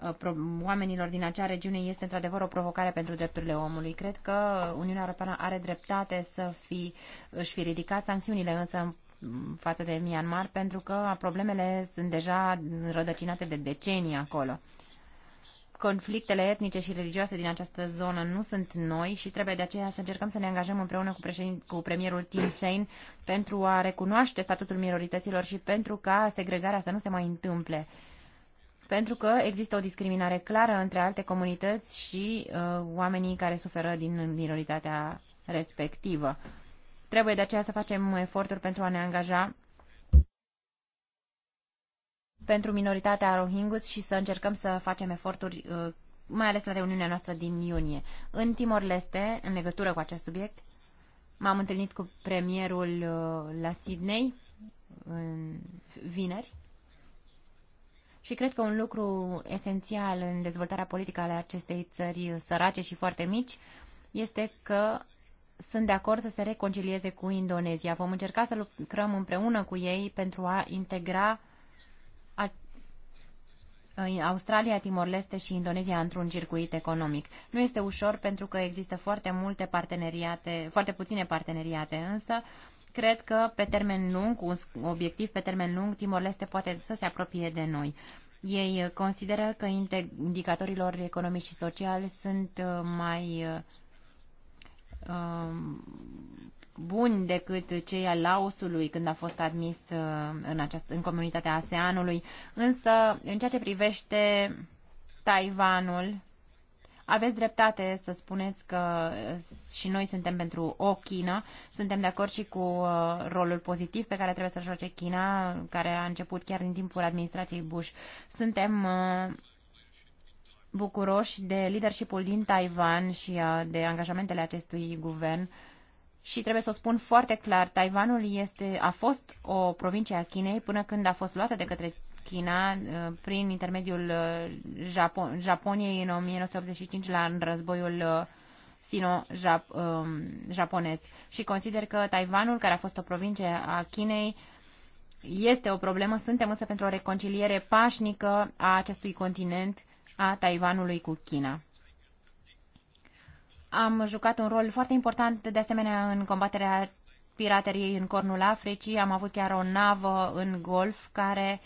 C: Uh, oamenilor din acea regiune este într-adevăr o provocare pentru drepturile omului. Cred că Uniunea Europeană are dreptate să fi, își fi ridicat sancțiunile, însă față de Myanmar, pentru că problemele sunt deja rădăcinate de decenii acolo. Conflictele etnice și religioase din această zonă nu sunt noi și trebuie de aceea să încercăm să ne angajăm împreună cu, președin, cu premierul Tim Shane pentru a recunoaște statutul minorităților și pentru ca segregarea să nu se mai întâmple pentru că există o discriminare clară între alte comunități și uh, oamenii care suferă din minoritatea respectivă. Trebuie de aceea să facem eforturi pentru a ne angaja pentru minoritatea Rohingyus și să încercăm să facem eforturi, uh, mai ales la reuniunea noastră din iunie. În Timor-Leste, în legătură cu acest subiect, m-am întâlnit cu premierul uh, la Sydney în vineri și cred că un lucru esențial în dezvoltarea politică ale acestei țări sărace și foarte mici este că sunt de acord să se reconcilieze cu Indonezia. Vom încerca să lucrăm împreună cu ei pentru a integra Australia, Timor-Leste și Indonezia într-un circuit economic. Nu este ușor pentru că există foarte multe parteneriate, foarte puține parteneriate, însă cred că pe termen lung, cu un obiectiv pe termen lung, Timor-Leste poate să se apropie de noi. Ei consideră că indicatorilor economici și sociali sunt uh, mai uh, um, buni decât cei al Laosului când a fost admis uh, în, această, în comunitatea ASEANului, însă în ceea ce privește Taiwanul, aveți dreptate să spuneți că uh, și noi suntem pentru o China, suntem de acord și cu uh, rolul pozitiv pe care trebuie să-l joace China, care a început chiar din timpul administrației Bush. Suntem bucuroși de leadership din Taiwan și de angajamentele acestui guvern și trebuie să o spun foarte clar, Taiwanul este, a fost o provincie a Chinei până când a fost luată de către China uh, prin intermediul uh, Japon, Japoniei în 1985 la în războiul uh, sino-japonez. Um, și consider că Taiwanul, care a fost o provincie a Chinei, este o problemă. Suntem însă pentru o reconciliere pașnică a acestui continent, a Taiwanului cu China. Am jucat un rol foarte important de asemenea în combaterea pirateriei în cornul Africii. Am avut chiar o navă în golf care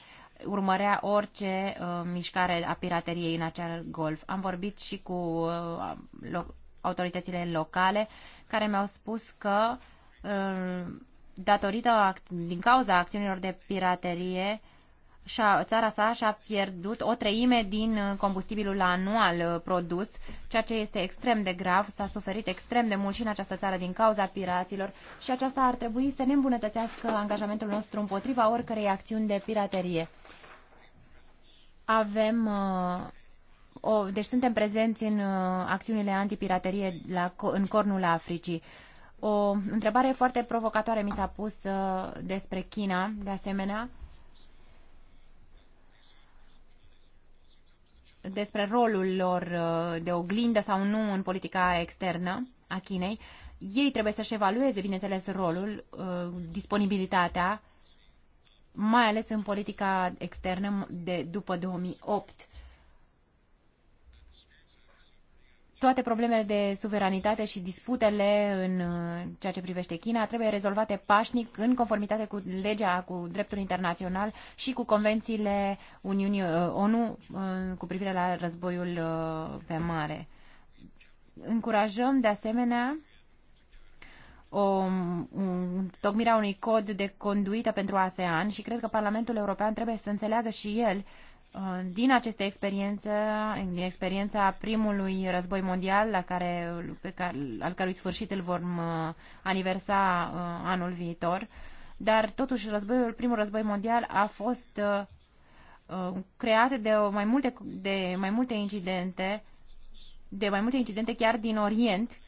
C: urmărea orice uh, mișcare a pirateriei în acel golf. Am vorbit și cu uh, lo- autoritățile locale care mi-au spus că uh, datorită din cauza acțiunilor de piraterie și-a, țara sa și-a pierdut o treime din uh, combustibilul anual uh, produs, ceea ce este extrem de grav, s-a suferit extrem de mult și în această țară din cauza piraților și aceasta ar trebui să ne îmbunătățească angajamentul nostru împotriva oricărei acțiuni de piraterie. Avem uh, o, deci suntem prezenți în uh, acțiunile antipiraterie la, în cornul Africii. O întrebare foarte provocatoare mi s-a pus uh, despre China, de asemenea. Uh, despre rolul lor uh, de oglindă sau nu în politica externă a Chinei. Ei trebuie să-și evalueze, bineînțeles, rolul, uh, disponibilitatea, mai ales în politica externă de după 2008. toate problemele de suveranitate și disputele în uh, ceea ce privește China trebuie rezolvate pașnic în conformitate cu legea, cu dreptul internațional și cu convențiile Uniunii uh, ONU uh, cu privire la războiul pe mare. Încurajăm de asemenea o tocmirea unui cod de conduită pentru ASEAN și cred că Parlamentul European trebuie să înțeleagă și el Uh, din aceste experiențe, din experiența primului război mondial, la care, pe care, al cărui sfârșit îl vom uh, aniversa uh, anul viitor, dar totuși războiul, primul război mondial a fost creat de mai multe, de mai multe incidente, de mai multe incidente chiar din Orient,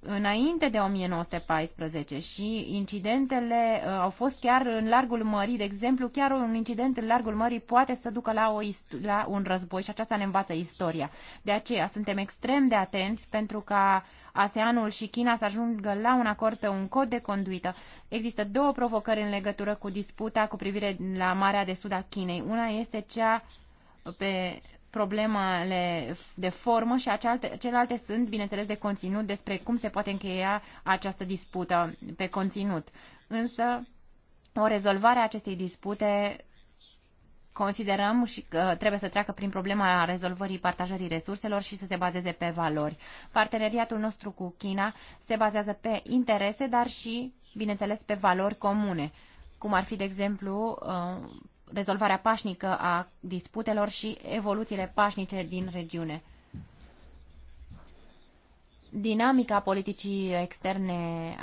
C: înainte de 1914 și incidentele uh, au fost chiar în largul mării, de exemplu, chiar un incident în largul mării poate să ducă la, o la un război și aceasta ne învață istoria. De aceea suntem extrem de atenți pentru ca ASEANul și China să ajungă la un acord pe un cod de conduită. Există două provocări în legătură cu disputa cu privire la Marea de Sud a Chinei. Una este cea pe problemele de formă și celelalte sunt, bineînțeles, de conținut, despre cum se poate încheia această dispută pe conținut. Însă, o rezolvare a acestei dispute considerăm și că trebuie să treacă prin problema rezolvării partajării resurselor și să se bazeze pe valori. Parteneriatul nostru cu China se bazează pe interese, dar și, bineînțeles, pe valori comune, cum ar fi, de exemplu, uh, rezolvarea pașnică a disputelor și evoluțiile pașnice din regiune. Dinamica politicii externe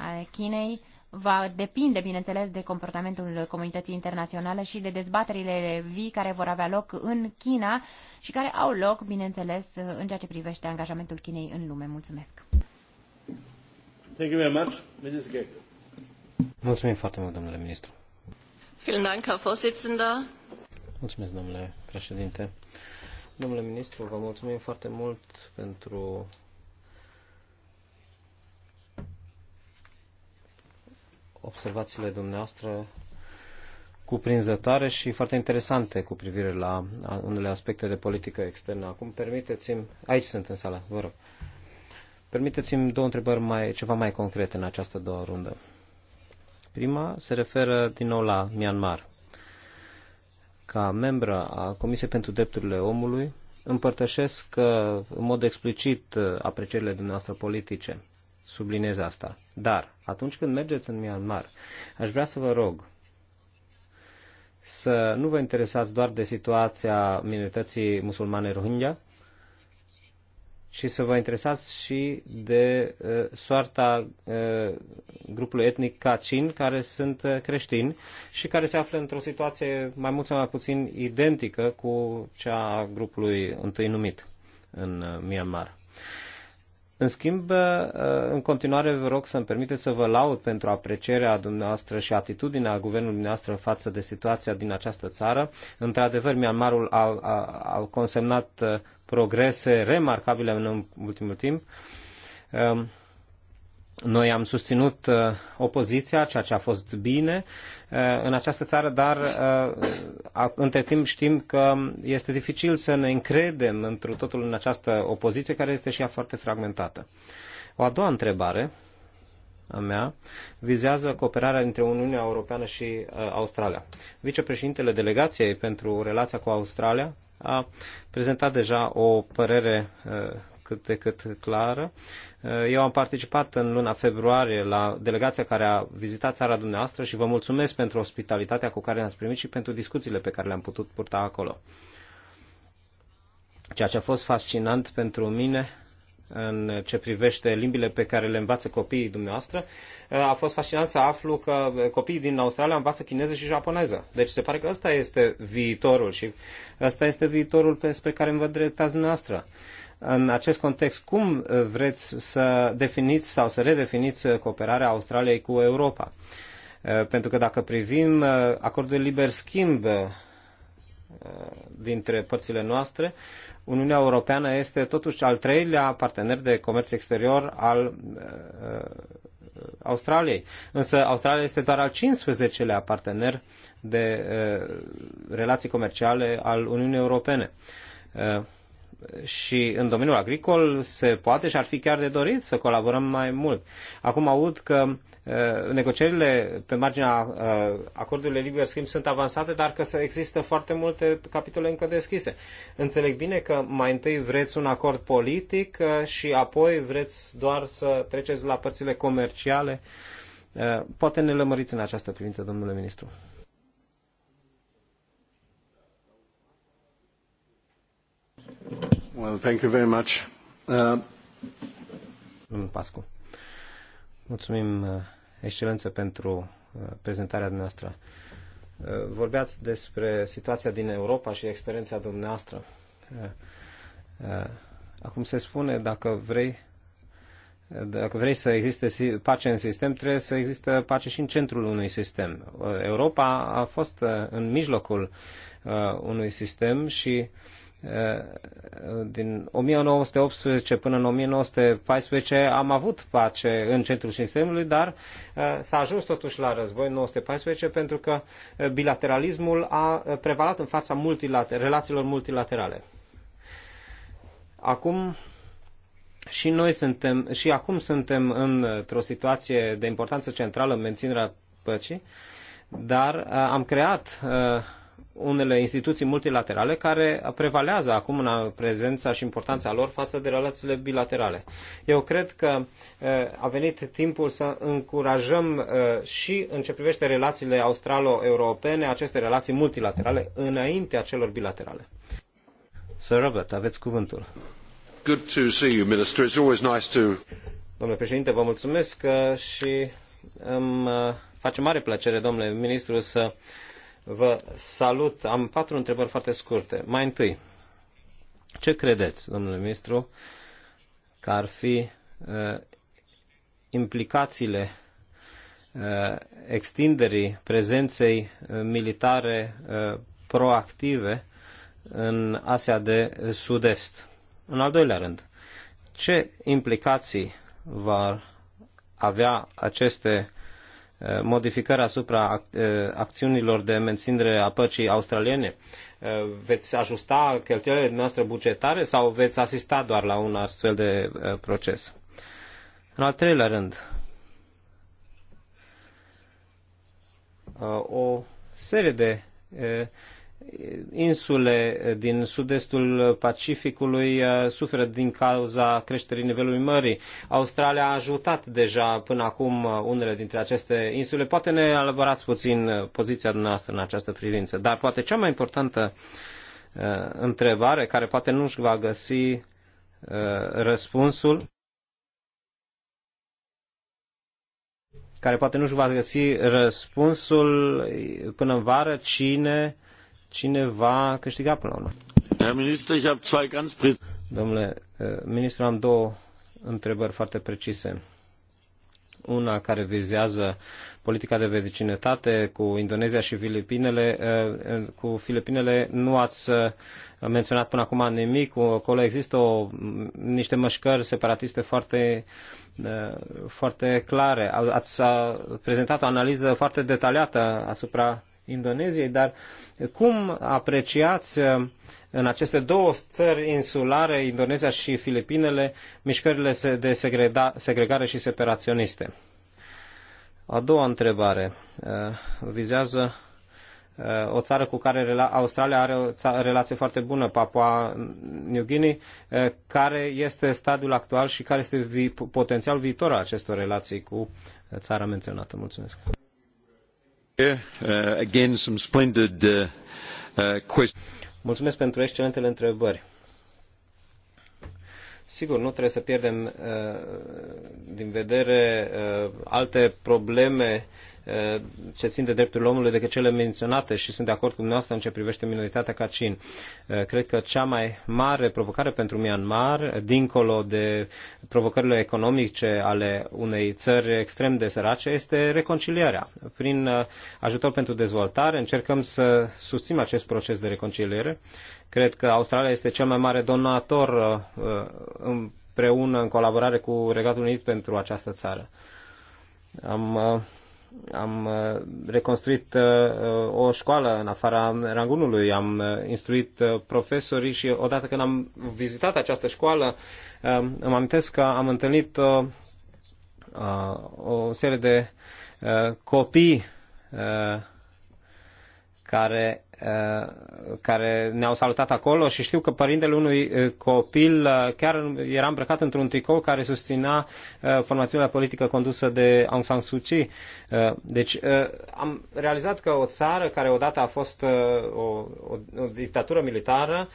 C: ale Chinei va depinde, bineînțeles, de comportamentul comunității internaționale și de dezbaterile vii care vor avea loc în China și care au loc, bineînțeles, în ceea ce privește angajamentul Chinei în lume. Mulțumesc!
B: Thank you very much, Mrs.
A: Mulțumim foarte mult, domnule ministru. Mulțumesc, domnule președinte. Domnule ministru, vă mulțumim foarte mult pentru observațiile dumneavoastră cuprinzătoare și foarte interesante cu privire la unele aspecte de politică externă. Acum permiteți-mi, aici sunt în sală, vă rog, permiteți-mi două întrebări mai, ceva mai concrete în această doua rundă. Prima se referă din nou la Myanmar. Ca membră a Comisiei pentru Drepturile Omului, împărtășesc uh, în mod explicit uh, aprecierile dumneavoastră politice. Sublinez asta. Dar, atunci când mergeți în Myanmar, aș vrea să vă rog să nu vă interesați doar de situația minorității musulmane Rohingya, și să vă interesați și de uh, soarta uh, grupului etnic Kachin, care sunt uh, creștini și care se află într-o situație mai mult sau mai puțin identică cu cea a grupului întâi numit în uh, Myanmar. În schimb, uh, în continuare vă rog să-mi permiteți să vă laud pentru aprecierea dumneavoastră și atitudinea guvernului dumneavoastră față de situația din această țară. Într-adevăr, Myanmarul a, a, a consemnat uh, progrese remarcabile în ultimul timp. Um, noi am susținut uh, opoziția, ceea ce a fost bine uh, în această țară, dar uh, între timp știm că este dificil să ne încredem într totul în această opoziție care este și ea foarte fragmentată. O a doua întrebare a mea vizează cooperarea între Uniunea Europeană și uh, Australia. Vicepreședintele delegației pentru relația cu Australia a prezentat deja o părere uh, cât de cât clară. Uh, eu am participat în luna februarie la delegația care a vizitat țara dumneavoastră și vă mulțumesc pentru ospitalitatea cu care ne-ați primit și pentru discuțiile pe care le-am putut purta acolo. Ceea ce a fost fascinant pentru mine în ce privește limbile pe care le învață copiii dumneavoastră. Uh, a fost fascinant să aflu că copiii din Australia învață chineză și japoneză. Deci se pare că ăsta este viitorul și ăsta este viitorul spre care vă dreptați dumneavoastră. În acest context, cum vreți să definiți sau să redefiniți cooperarea Australiei cu Europa? Uh, pentru că dacă privim uh, acordul liber schimb dintre părțile noastre, Uniunea Europeană este totuși al treilea partener de comerț exterior al uh, uh, Australiei. Însă Australia este doar al 15-lea partener de uh, relații comerciale al Uniunii Europene și în domeniul agricol se poate și ar fi chiar de dorit să colaborăm mai mult. Acum aud că Eh, negocierile pe marginea eh, acordului liber schimb sunt avansate, dar că există foarte multe capitole încă deschise. Înțeleg bine că mai întâi vreți un acord politic eh, și apoi vreți doar să treceți la părțile comerciale. Poate ne lămăriți în această privință, domnule ministru.
B: Well, thank you very much.
A: Uh... Domnul Pascu. Mulțumim, uh, Excelență, pentru uh, prezentarea dumneavoastră. Uh, vorbeați despre situația din Europa și experiența dumneavoastră. Acum se spune, dacă vrei, dacă vrei să existe pace în sistem, trebuie să existe pace și în centrul unui sistem. Europa a fost în mijlocul unui sistem și uh, Eh, din 1918 până în 1914 am avut pace în centrul sistemului, dar eh, s-a ajuns totuși la război în 1914 pentru că eh, bilateralismul a prevalat în fața multilater- relațiilor multilaterale. Acum și noi suntem, și acum suntem într-o situație de importanță centrală în menținerea păcii, dar am creat unele instituții multilaterale care prevalează acum în prezența și importanța lor față de relațiile bilaterale. Eu cred că a venit timpul să încurajăm și în ce privește relațiile australo-europene, aceste relații multilaterale, înaintea celor bilaterale. Sir Robert, aveți cuvântul.
B: Good to see you, Minister. It's always nice to...
A: Domnule președinte, vă mulțumesc și îmi face mare plăcere, domnule ministru, să Vă salut. Am patru întrebări foarte scurte. Mai întâi, ce credeți, domnule ministru, că ar fi uh, implicațiile uh, extinderii prezenței uh, militare uh, proactive în Asia de Sud-Est? În al doilea rând, ce implicații va avea aceste modificări asupra eh, acțiunilor de menținere a păcii australiene? Eh, veți ajusta cheltuielile noastre bugetare sau veți asista doar la un astfel de eh, proces? În al treilea rând, o serie de insule din sud-estul Pacificului uh, suferă din cauza creșterii nivelului mării. Australia a ajutat deja până acum uh, unele dintre aceste insule. Poate ne elaborați puțin uh, poziția dumneavoastră în această privință, dar poate cea mai importantă întrebare, care poate nu își va găsi răspunsul, care poate nu își va găsi răspunsul până în vară, cine cine va câștiga până la urmă. Domnule eh, ministru, am două întrebări foarte precise. Una care vizează politica de vecinătate cu Indonezia și Filipinele. Eh, eh, cu Filipinele nu ați menționat până acum nimic. Acolo există o, niște mășcări separatiste foarte, foarte clare. Ați prezentat o analiză foarte detaliată asupra Indoneziei, dar cum apreciați uh, în aceste două țări insulare, Indonezia și Filipinele, mișcările de segregare și separaționiste? A doua întrebare uh, vizează uh, o țară cu care Australia are o relație foarte bună, Papua New Guinea, care este stadiul actual și care este vi- potențialul viitor al acestor relații cu țara menționată. Mulțumesc. Uh, uh, uh, Mulțumesc pentru excelentele întrebări. Sigur, nu trebuie să pierdem din vedere alte probleme Uh, ce țin de drepturile omului decât cele menționate și sunt de acord cu dumneavoastră în ce privește minoritatea Kachin. Uh, cred că cea mai mare provocare pentru Myanmar, dincolo de provocările economice ale unei țări extrem de sărace, este reconcilierea. Prin uh, ajutor pentru dezvoltare încercăm să susținem acest proces de reconciliere. Cred că Australia este cel mai mare donator împreună, în colaborare cu Regatul Unit pentru această țară. Am am uh, reconstruit uh, o școală în afara Rangunului, am uh, instruit profesorii și odată când am vizitat această școală, um, îmi amintesc că am întâlnit o serie de copii care Uh, care ne-au salutat acolo și știu că părintele unui uh, copil uh, chiar era îmbrăcat într-un tricou care susținea formațiunea politică condusă de Aung San Suu Kyi. Deci am realizat că o țară care odată a fost o, o, o dictatură militară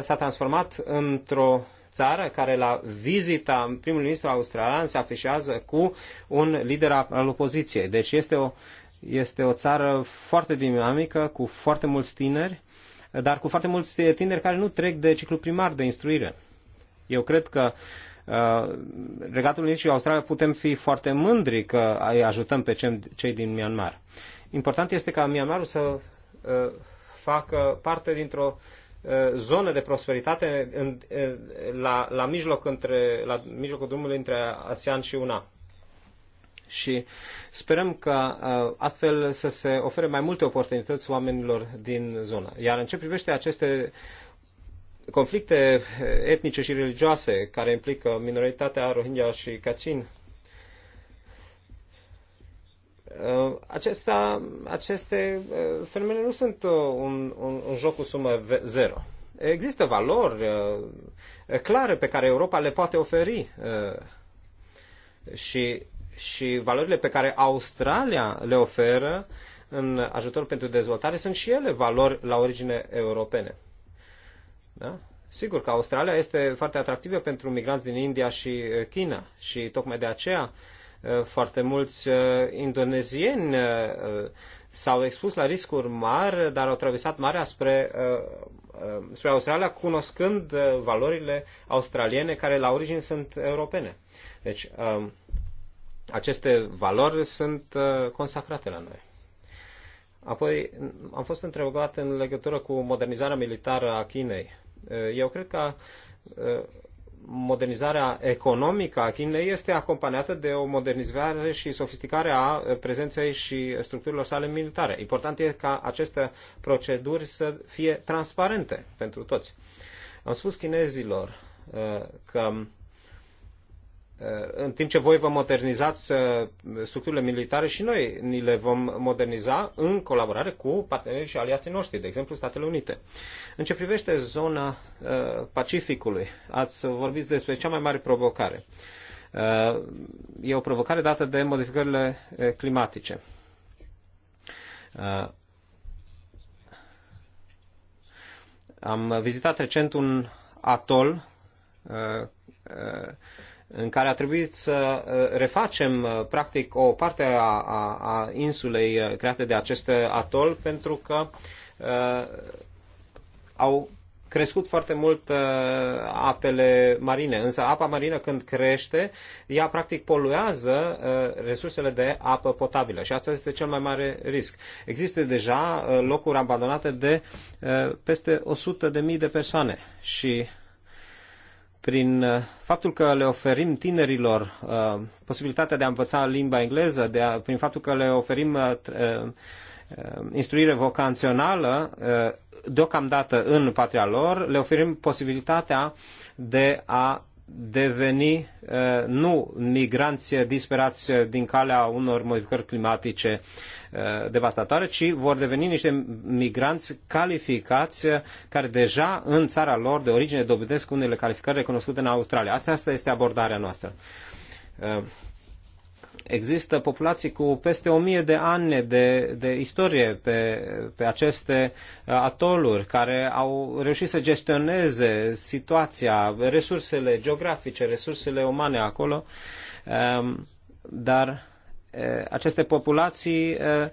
A: s-a transformat într-o țară care la vizita primului ministru australian se afișează cu un lider al opoziției. Deci este o este o țară foarte dinamică, cu foarte mulți tineri, dar cu foarte mulți tineri care nu trec de ciclu primar de instruire. Eu cred că uh, Regatul Unit și Australia putem fi foarte mândri că îi ajutăm pe cei din Myanmar. Important este ca Myanmarul să uh, facă parte dintr-o uh, zonă de prosperitate în, uh, la, la, mijloc între, la mijlocul drumului între ASEAN și UNA și sperăm că uh, astfel să se ofere mai multe oportunități oamenilor din zonă. Iar în ce privește aceste conflicte etnice și religioase care implică minoritatea Rohingya și Kachin, uh, acesta, aceste uh, fenomene nu sunt un, un, un joc cu sumă zero. Există valori clare pe care Europa le poate oferi și și valorile pe care Australia le oferă în ajutor pentru dezvoltare sunt și ele valori la origine europene. Da? Sigur că Australia este foarte atractivă pentru migranți din India și uh, China și tocmai de aceea uh, foarte mulți uh, indonezieni s-au expus la riscuri mari, dar au traversat marea spre, spre Australia, cunoscând valorile australiene care la origine sunt europene. Deci, um, aceste valori sunt uh, consacrate la noi. Apoi am fost întrebat în legătură cu modernizarea militară a Chinei. Uh, eu cred că uh, modernizarea economică a Chinei este acompaniată de o modernizare și sofisticare a prezenței și structurilor sale militare. Important este ca aceste proceduri să fie transparente pentru toți. Am spus chinezilor că Eh, în timp ce voi vă modernizați eh, structurile militare și noi ni le vom moderniza în colaborare cu partenerii și aliații noștri, de exemplu Statele Unite. În ce privește zona eh, Pacificului, ați vorbit despre cea mai mare provocare. E o provocare dată de modificările climatice. Am vizitat recent un atol în care a trebuit să uh, refacem uh, practic o parte a, a, a insulei uh, create de acest atol pentru că uh, au crescut foarte mult uh, apele marine, însă apa marină când crește, ea practic poluează uh, resursele de apă potabilă și asta este cel mai mare risc. Există deja uh, locuri abandonate de uh, peste 100.000 de persoane și uh, prin uh, faptul că le oferim tinerilor uh, posibilitatea de a învăța limba engleză, de a, prin faptul că le oferim uh, uh, uh instruire vocațională uh, deocamdată în patria lor, le oferim posibilitatea de a deveni uh, nu migranți disperați din calea unor modificări climatice uh, devastatoare, ci vor deveni niște migranți calificați uh, care deja în țara lor de origine dobândesc unele calificări recunoscute în Australia. asta este abordarea noastră există populații cu peste o mie de ani de, de istorie pe, pe aceste uh, atoluri, care au reușit să gestioneze situația, resursele geografice, resursele umane acolo, um, dar uh, aceste populații uh,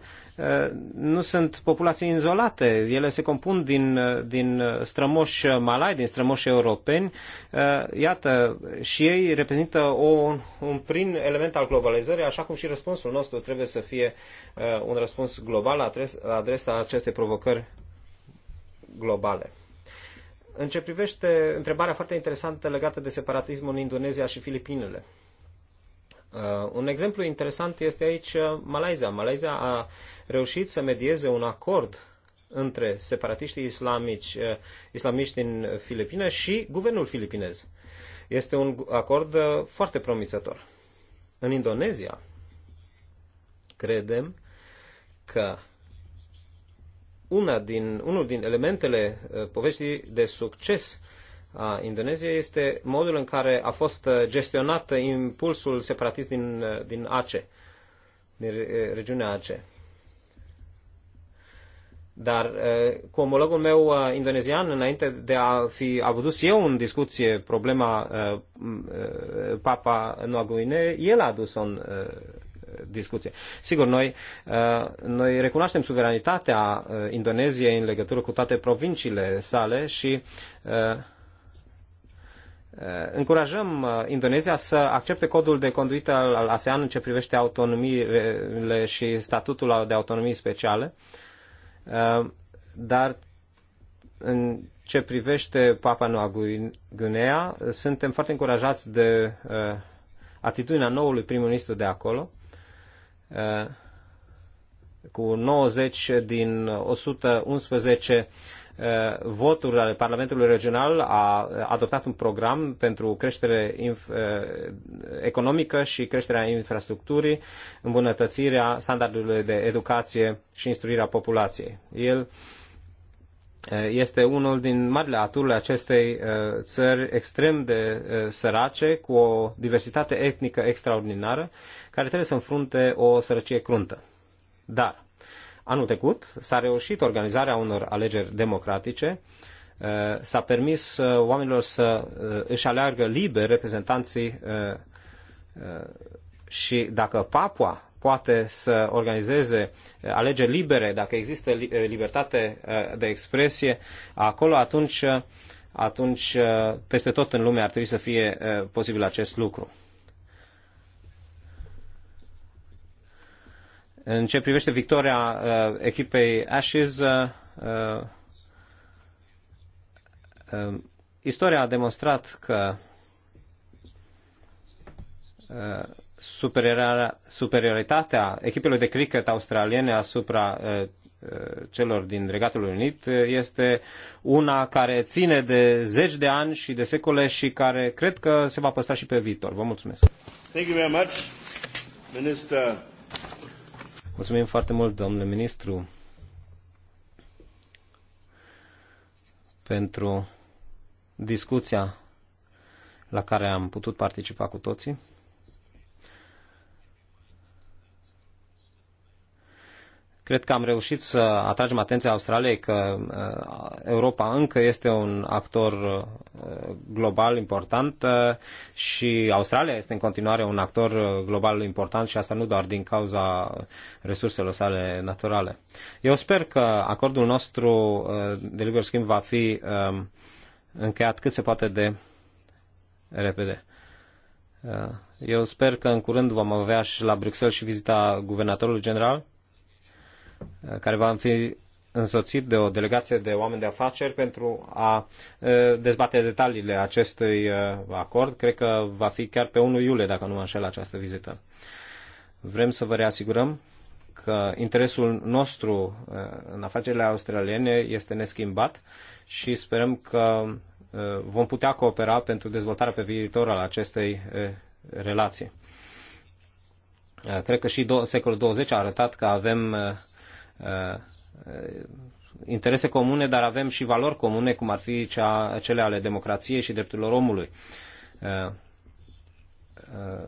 A: nu sunt populații izolate, ele se compun din, din strămoși malai, din strămoși europeni. Eh, iată, și ei reprezintă o, un prim element al globalizării, așa cum și răspunsul nostru trebuie să fie eh, un răspuns global la adresa acestei provocări globale. În ce privește întrebarea foarte interesantă legată de separatismul în Indonezia și Filipinele, Uh, un exemplu interesant este aici uh, Malaysia. Malaysia a reușit să medieze un acord între separatiștii islamici, uh, islamici din Filipine și guvernul filipinez. Este un acord foarte promițător. În Indonezia, credem că una din, unul din elementele poveștii de succes uh, a Indoneziei este modul în care a fost uh, gestionat impulsul separatist din, uh, din ACE, din uh, regiunea ACE. Dar cu omologul meu indonezian, înainte de a fi adus eu în discuție problema Papa Noua Guinee, el a adus-o în discuție. Sigur, noi, noi recunoaștem suveranitatea Indoneziei în legătură cu toate provinciile sale și Eh, încurajăm eh, Indonezia să accepte codul de conduită al ASEAN în ce privește autonomiile și statutul de autonomii speciale, eh, dar în ce privește Papua Noua Guinea, suntem foarte încurajați de atitudinea noului prim-ministru de acolo, cu 90 din 111 eh, voturi ale Parlamentului Regional a adoptat un program pentru creștere eh, economică și creșterea infrastructurii, îmbunătățirea standardelor de educație și instruirea populației. El eh, este unul din marile aturile acestei țări extrem de sărace, cu o diversitate etnică extraordinară, care trebuie să înfrunte o sărăcie cruntă. Dar anul trecut s-a reușit organizarea unor alegeri democratice, eh, s-a permis eh, oamenilor să eh, își aleargă liber reprezentanții și dacă Papua poate să organizeze alegeri libere, dacă există libertate de expresie acolo, atunci, atunci peste tot în lume ar trebui să fie posibil acest lucru. În ce privește victoria uh, echipei Ashes, uh, uh, um, istoria a demonstrat că uh, superioritatea echipelor de cricket australiene asupra uh, uh celor din Regatul Unit uh, este una care ține de zeci de ani și de secole și care cred că se va păstra și pe viitor. Vă mulțumesc.
B: Thank you very much, Minister.
A: Mulțumim foarte mult, domnule ministru, pentru discuția la care am putut participa cu toții. Cred că am reușit să atragem atenția Australiei că uh, Europa încă este un actor uh, global important uh, și Australia este în continuare un actor global important și asta nu doar din cauza resurselor sale naturale. Eu sper că acordul nostru de liber schimb va fi um, încheiat cât se poate de repede. Eu sper că în curând vom avea și la Bruxelles și vizita guvernatorului general care va fi însoțit de o delegație de oameni de afaceri pentru a dezbate detaliile acestui acord. Cred că va fi chiar pe 1 iulie, dacă nu mă înșel, această vizită. Vrem să vă reasigurăm că interesul nostru în afacerile australiene este neschimbat și sperăm că vom putea coopera pentru dezvoltarea pe viitor al acestei relații. Cred că și secolul 20 a arătat că avem Uh, interese comune, dar avem și valori comune, cum ar fi cea, cele ale democrației și drepturilor omului. Uh, uh,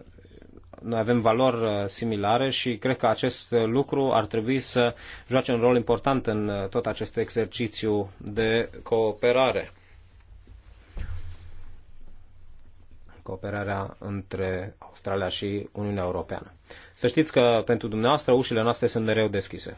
A: noi avem valori similare și cred că acest lucru ar trebui să joace un rol important în tot acest exercițiu de cooperare. cooperarea între Australia și Uniunea Europeană. Să știți că pentru dumneavoastră ușile noastre sunt mereu deschise.